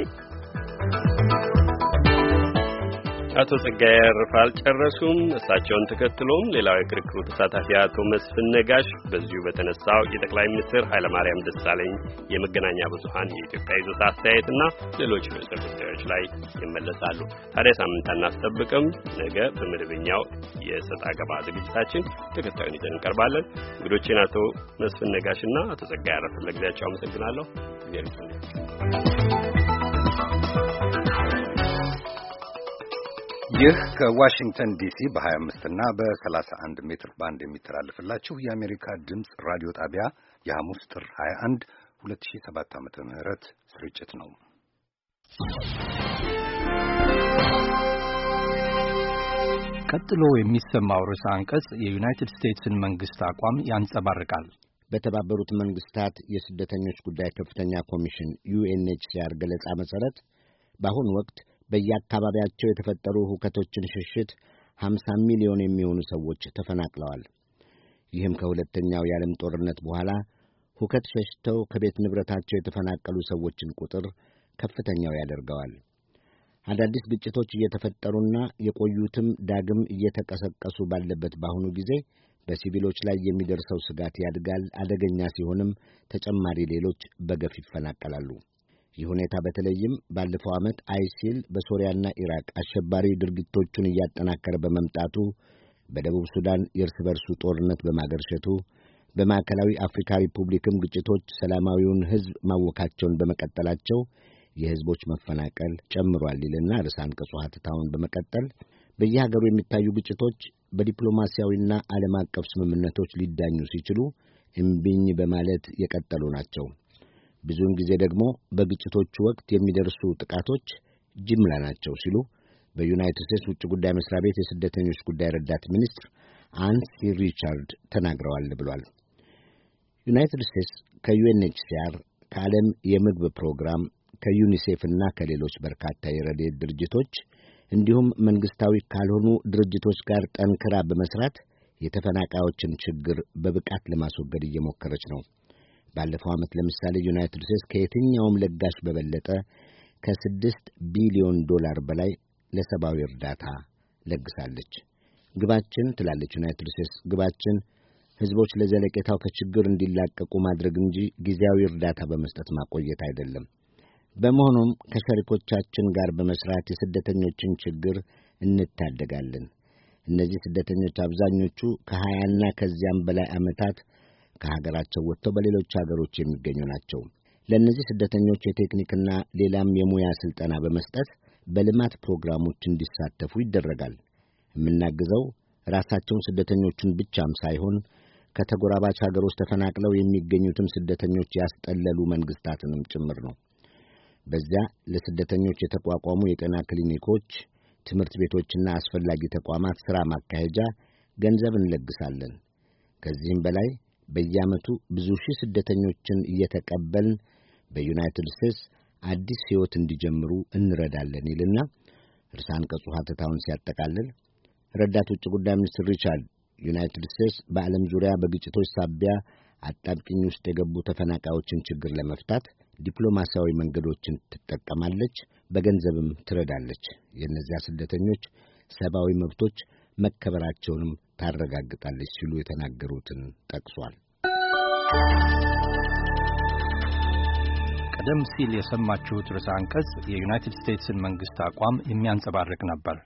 አቶ ጸጋዬ ያርፋል ጨረሱም። እሳቸውን ተከትሎም ሌላው የክርክሩ ተሳታፊ አቶ መስፍን ነጋሽ በዚሁ በተነሳው የጠቅላይ ሚኒስትር ኃይለማርያም ደሳለኝ የመገናኛ ብዙሀን የኢትዮጵያ ይዞታ አስተያየትና ሌሎች ርዕሰ ጉዳዮች ላይ ይመለሳሉ። ታዲያ ሳምንት አናስጠብቅም። ነገ በመደበኛው የሰጥ አገባ ዝግጅታችን ተከታዩን ይዘን እንቀርባለን። እንግዶቼን አቶ መስፍን ነጋሽና አቶ ጸጋዬ ያርፋል ለጊዜያቸው አመሰግናለሁ። ይህ ከዋሽንግተን ዲሲ በ25 እና በ31 ሜትር ባንድ የሚተላለፍላችሁ የአሜሪካ ድምፅ ራዲዮ ጣቢያ የሐሙስ ጥር 21 2007 ዓ ም ስርጭት ነው። ቀጥሎ የሚሰማው ርዕሰ አንቀጽ የዩናይትድ ስቴትስን መንግሥት አቋም ያንጸባርቃል። በተባበሩት መንግሥታት የስደተኞች ጉዳይ ከፍተኛ ኮሚሽን ዩኤንኤችሲአር ገለጻ መሠረት በአሁኑ ወቅት በየአካባቢያቸው የተፈጠሩ ሁከቶችን ሽሽት 50 ሚሊዮን የሚሆኑ ሰዎች ተፈናቅለዋል። ይህም ከሁለተኛው የዓለም ጦርነት በኋላ ሁከት ሸሽተው ከቤት ንብረታቸው የተፈናቀሉ ሰዎችን ቁጥር ከፍተኛው ያደርገዋል። አዳዲስ ግጭቶች እየተፈጠሩና የቆዩትም ዳግም እየተቀሰቀሱ ባለበት በአሁኑ ጊዜ በሲቪሎች ላይ የሚደርሰው ስጋት ያድጋል። አደገኛ ሲሆንም ተጨማሪ ሌሎች በገፍ ይፈናቀላሉ። ይህ ሁኔታ በተለይም ባለፈው ዓመት አይሲል በሶሪያና ኢራቅ አሸባሪ ድርጊቶቹን እያጠናከረ በመምጣቱ በደቡብ ሱዳን የእርስ በርሱ ጦርነት በማገርሸቱ በማዕከላዊ አፍሪካ ሪፑብሊክም ግጭቶች ሰላማዊውን ሕዝብ ማወካቸውን በመቀጠላቸው የሕዝቦች መፈናቀል ጨምሯል ይልና ርዕሰ አንቀጹ ሐተታውን በመቀጠል በየሀገሩ የሚታዩ ግጭቶች በዲፕሎማሲያዊና ዓለም አቀፍ ስምምነቶች ሊዳኙ ሲችሉ እምቢኝ በማለት የቀጠሉ ናቸው። ብዙውን ጊዜ ደግሞ በግጭቶቹ ወቅት የሚደርሱ ጥቃቶች ጅምላ ናቸው ሲሉ በዩናይትድ ስቴትስ ውጭ ጉዳይ መስሪያ ቤት የስደተኞች ጉዳይ ረዳት ሚኒስትር አንሲ ሪቻርድ ተናግረዋል ብሏል። ዩናይትድ ስቴትስ ከዩኤንኤችሲአር ከዓለም የምግብ ፕሮግራም ከዩኒሴፍ እና ከሌሎች በርካታ የረድኤት ድርጅቶች እንዲሁም መንግሥታዊ ካልሆኑ ድርጅቶች ጋር ጠንክራ በመስራት የተፈናቃዮችን ችግር በብቃት ለማስወገድ እየሞከረች ነው። ባለፈው ዓመት ለምሳሌ ዩናይትድ ስቴትስ ከየትኛውም ለጋሽ በበለጠ ከስድስት ቢሊዮን ዶላር በላይ ለሰብአዊ እርዳታ ለግሳለች። ግባችን ትላለች ዩናይትድ ስቴትስ፣ ግባችን ህዝቦች ለዘለቄታው ከችግር እንዲላቀቁ ማድረግ እንጂ ጊዜያዊ እርዳታ በመስጠት ማቆየት አይደለም። በመሆኑም ከሸሪኮቻችን ጋር በመስራት የስደተኞችን ችግር እንታደጋለን። እነዚህ ስደተኞች አብዛኞቹ ከሀያና ከዚያም በላይ ዓመታት ከሀገራቸው ወጥተው በሌሎች ሀገሮች የሚገኙ ናቸው። ለእነዚህ ስደተኞች የቴክኒክና ሌላም የሙያ ሥልጠና በመስጠት በልማት ፕሮግራሞች እንዲሳተፉ ይደረጋል። የምናግዘው ራሳቸውን ስደተኞቹን ብቻም ሳይሆን ከተጎራባች ሀገሮች ተፈናቅለው የሚገኙትም ስደተኞች ያስጠለሉ መንግሥታትንም ጭምር ነው። በዚያ ለስደተኞች የተቋቋሙ የጤና ክሊኒኮች፣ ትምህርት ቤቶችና አስፈላጊ ተቋማት ሥራ ማካሄጃ ገንዘብ እንለግሳለን። ከዚህም በላይ በየዓመቱ ብዙ ሺህ ስደተኞችን እየተቀበልን በዩናይትድ ስቴትስ አዲስ ሕይወት እንዲጀምሩ እንረዳለን ይልና እርሳን አንቀጹ ሐተታውን ሲያጠቃልል ረዳት ውጭ ጉዳይ ሚኒስትር ሪቻርድ ዩናይትድ ስቴትስ በዓለም ዙሪያ በግጭቶች ሳቢያ አጣብቂኝ ውስጥ የገቡ ተፈናቃዮችን ችግር ለመፍታት ዲፕሎማሲያዊ መንገዶችን ትጠቀማለች፣ በገንዘብም ትረዳለች። የእነዚያ ስደተኞች ሰብአዊ መብቶች መከበራቸውንም ታረጋግጣለች ሲሉ የተናገሩትን ጠቅሷል። ቀደም ሲል የሰማችሁት ርዕሰ አንቀጽ የዩናይትድ ስቴትስን መንግስት አቋም የሚያንጸባርቅ ነበር።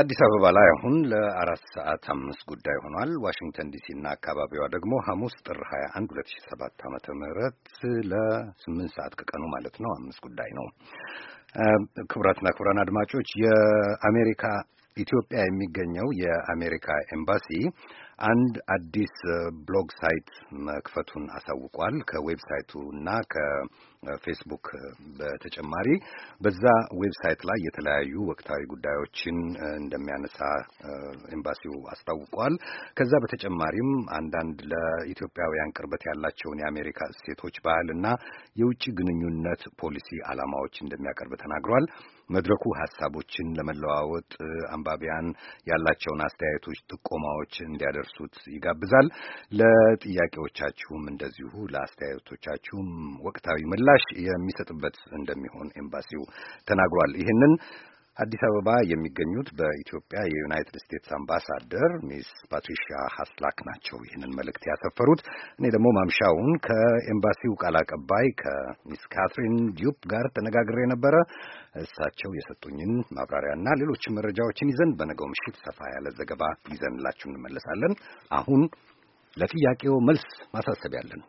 አዲስ አበባ ላይ አሁን ለአራት ሰዓት አምስት ጉዳይ ሆኗል። ዋሽንግተን ዲሲ እና አካባቢዋ ደግሞ ሐሙስ ጥር 21 2007 ዓመተ ምህረት ለስምንት ሰዓት ከቀኑ ማለት ነው አምስት ጉዳይ ነው። ክቡራትና ክቡራን አድማጮች የአሜሪካ ኢትዮጵያ የሚገኘው የአሜሪካ ኤምባሲ አንድ አዲስ ብሎግ ሳይት መክፈቱን አሳውቋል። ከዌብሳይቱና ከፌስቡክ በተጨማሪ በዛ ዌብሳይት ላይ የተለያዩ ወቅታዊ ጉዳዮችን እንደሚያነሳ ኤምባሲው አስታውቋል። ከዛ በተጨማሪም አንዳንድ ለኢትዮጵያውያን ቅርበት ያላቸውን የአሜሪካ እሴቶች፣ ባህልና የውጭ ግንኙነት ፖሊሲ ዓላማዎች እንደሚያቀርብ ተናግሯል። መድረኩ ሀሳቦችን ለመለዋወጥ አንባቢያን ያላቸውን አስተያየቶች፣ ጥቆማዎች እንዲያደርሱት ይጋብዛል። ለጥያቄዎቻችሁም እንደዚሁ ለአስተያየቶቻችሁም ወቅታዊ ምላሽ የሚሰጥበት እንደሚሆን ኤምባሲው ተናግሯል። ይህንን አዲስ አበባ የሚገኙት በኢትዮጵያ የዩናይትድ ስቴትስ አምባሳደር ሚስ ፓትሪሺያ ሀስላክ ናቸው ይህንን መልእክት ያሰፈሩት። እኔ ደግሞ ማምሻውን ከኤምባሲው ቃል አቀባይ ከሚስ ካትሪን ዲዩፕ ጋር ተነጋግሬ ነበረ። እሳቸው የሰጡኝን ማብራሪያና ሌሎችን መረጃዎችን ይዘን በነገው ምሽት ሰፋ ያለ ዘገባ ይዘንላችሁ እንመለሳለን። አሁን ለጥያቄው መልስ ማሳሰቢያ አለን።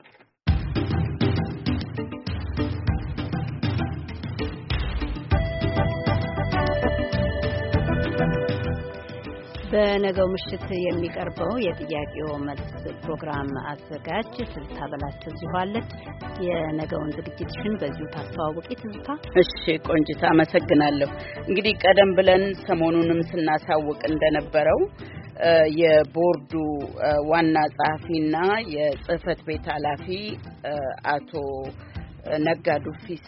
በነገው ምሽት የሚቀርበው የጥያቄው መልስ ፕሮግራም አዘጋጅ ስልታ በላቸው ዚኋለች። የነገውን ዝግጅትሽን በዚሁ ታስተዋውቂ ትዝታ። እሺ ቆንጅታ፣ አመሰግናለሁ። እንግዲህ ቀደም ብለን ሰሞኑንም ስናሳውቅ እንደነበረው የቦርዱ ዋና ጸሐፊና የጽህፈት ቤት ኃላፊ አቶ ነጋዱ ፊሳ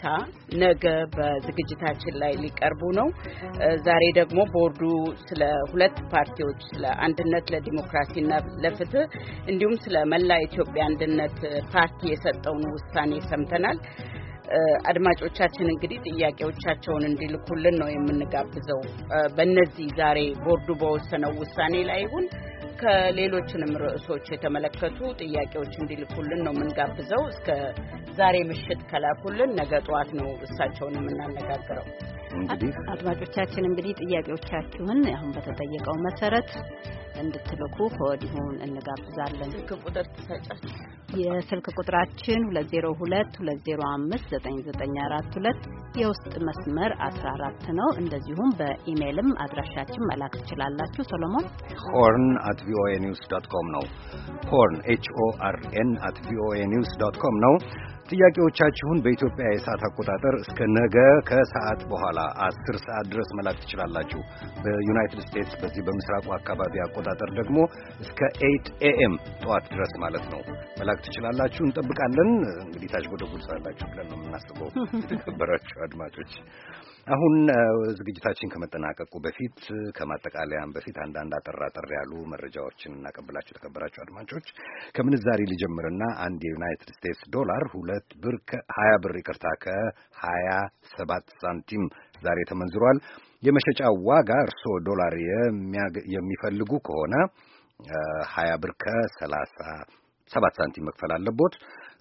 ነገ በዝግጅታችን ላይ ሊቀርቡ ነው። ዛሬ ደግሞ ቦርዱ ስለ ሁለት ፓርቲዎች ስለ አንድነት ለዲሞክራሲና ለፍትህ እንዲሁም ስለ መላ ኢትዮጵያ አንድነት ፓርቲ የሰጠውን ውሳኔ ሰምተናል። አድማጮቻችን እንግዲህ ጥያቄዎቻቸውን እንዲልኩልን ነው የምንጋብዘው። በእነዚህ ዛሬ ቦርዱ በወሰነው ውሳኔ ላይ ይሁን ከሌሎችንም ርዕሶች የተመለከቱ ጥያቄዎች እንዲልኩልን ነው የምንጋብዘው። እስከ ዛሬ ምሽት ከላኩልን ነገ ጠዋት ነው እሳቸውን የምናነጋግረው። እንግዲህ አድማጮቻችን እንግዲህ ጥያቄዎቻችሁን አሁን በተጠየቀው መሰረት እንድትልኩ ከወዲሁ እንጋብዛለን። ስልክ ቁጥር ትሰጫችሁ። የስልክ ቁጥራችን 2022059942 የውስጥ መስመር 14 ነው። እንደዚሁም በኢሜይልም አድራሻችን መላክ ትችላላችሁ። ሰሎሞን ሆርን አት ቪኦኤ ኒውስ ዶት ኮም ነው። ሆርን ኤች ኦ አር ኤን አት ቪኦኤ ኒውስ ዶት ኮም ነው። ጥያቄዎቻችሁን በኢትዮጵያ የሰዓት አቆጣጠር እስከ ነገ ከሰዓት በኋላ አስር ሰዓት ድረስ መላክ ትችላላችሁ። በዩናይትድ ስቴትስ በዚህ በምስራቁ አካባቢ አቆጣጠር ደግሞ እስከ ኤይት ኤኤም ጠዋት ድረስ ማለት ነው መላክ ትችላላችሁ። እንጠብቃለን። እንግዲህ ታች ጎደጉድ ብለን ነው የምናስበው የተከበራችሁ አድማጮች አሁን ዝግጅታችን ከመጠናቀቁ በፊት ከማጠቃለያም በፊት አንዳንድ አጠር አጠር ያሉ መረጃዎችን እናቀብላችሁ። የተከበራችሁ አድማጮች ከምንዛሪ ሊጀምርና አንድ የዩናይትድ ስቴትስ ዶላር ሁለት ብር ከሀያ ብር ይቅርታ ከሀያ ሰባት ሳንቲም ዛሬ ተመንዝሯል። የመሸጫ ዋጋ እርስዎ ዶላር የሚፈልጉ ከሆነ ሀያ ብር ከሰላሳ ሰባት ሳንቲም መክፈል አለቦት።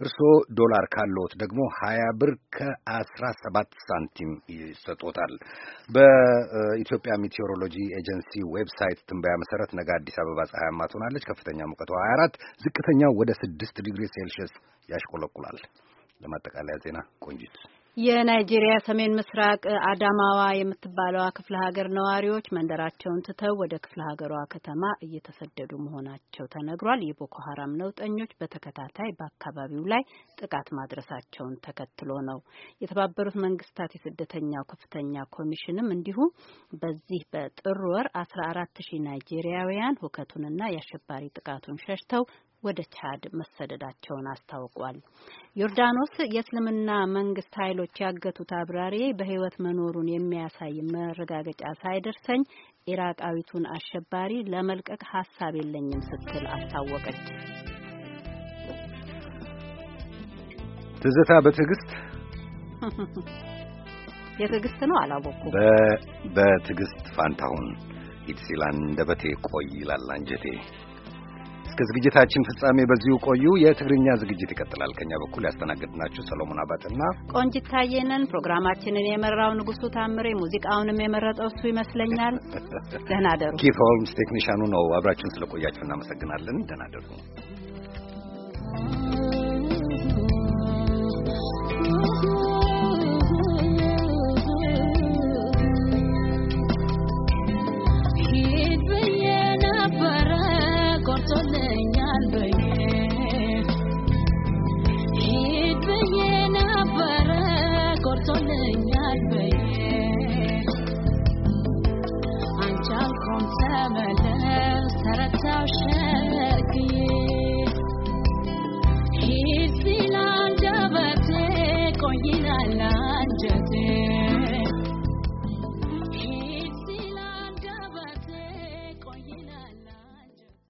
እርስዎ ዶላር ካለዎት ደግሞ ሀያ ብር ከአስራ ሰባት ሳንቲም ይሰጦታል። በኢትዮጵያ ሚቴዎሮሎጂ ኤጀንሲ ዌብሳይት ትንበያ መሰረት ነገ አዲስ አበባ ፀሐያማ ትሆናለች። ከፍተኛ ሙቀቷ 24፣ ዝቅተኛው ወደ ስድስት ዲግሪ ሴልሽየስ ያሽቆለቁላል። ለማጠቃለያ ዜና ቆንጂት የናይጄሪያ ሰሜን ምስራቅ አዳማዋ የምትባለዋ ክፍለ ሀገር ነዋሪዎች መንደራቸውን ትተው ወደ ክፍለ ሀገሯ ከተማ እየተሰደዱ መሆናቸው ተነግሯል። የቦኮ ሀራም ነውጠኞች በተከታታይ በአካባቢው ላይ ጥቃት ማድረሳቸውን ተከትሎ ነው። የተባበሩት መንግስታት የስደተኛው ከፍተኛ ኮሚሽንም እንዲሁ በዚህ በጥር ወር አስራ አራት ሺህ ናይጄሪያውያን ሁከቱንና የአሸባሪ ጥቃቱን ሸሽተው ወደ ቻድ መሰደዳቸውን አስታውቋል። ዮርዳኖስ የእስልምና መንግስት ኃይሎች ያገቱት አብራሪ በህይወት መኖሩን የሚያሳይ መረጋገጫ ሳይደርሰኝ ኢራቃዊቱን አሸባሪ ለመልቀቅ ሀሳብ የለኝም ስትል አስታወቀች። ትዝታ በትዕግስት የትዕግስት ነው አላወቅኩ በትዕግስት ፋንታሁን ኢትሲላን እንደበቴ ቆይ ይላል አንጀቴ እስከ ዝግጅታችን ፍጻሜ በዚሁ ቆዩ። የትግርኛ ዝግጅት ይቀጥላል። ከኛ በኩል ያስተናገድናችሁ ሰሎሞን አባትና ቆንጅት ታየነን። ፕሮግራማችንን የመራው ንጉሱ ታምሬ፣ ሙዚቃውንም የመረጠው እሱ ይመስለኛል። ደህና ደሩ። ሆልምስ ቴክኒሻኑ ነው። አብራችሁን ስለቆያችሁ እናመሰግናለን። ደህና ደሩ። መለስ ተረታው ሸክዬ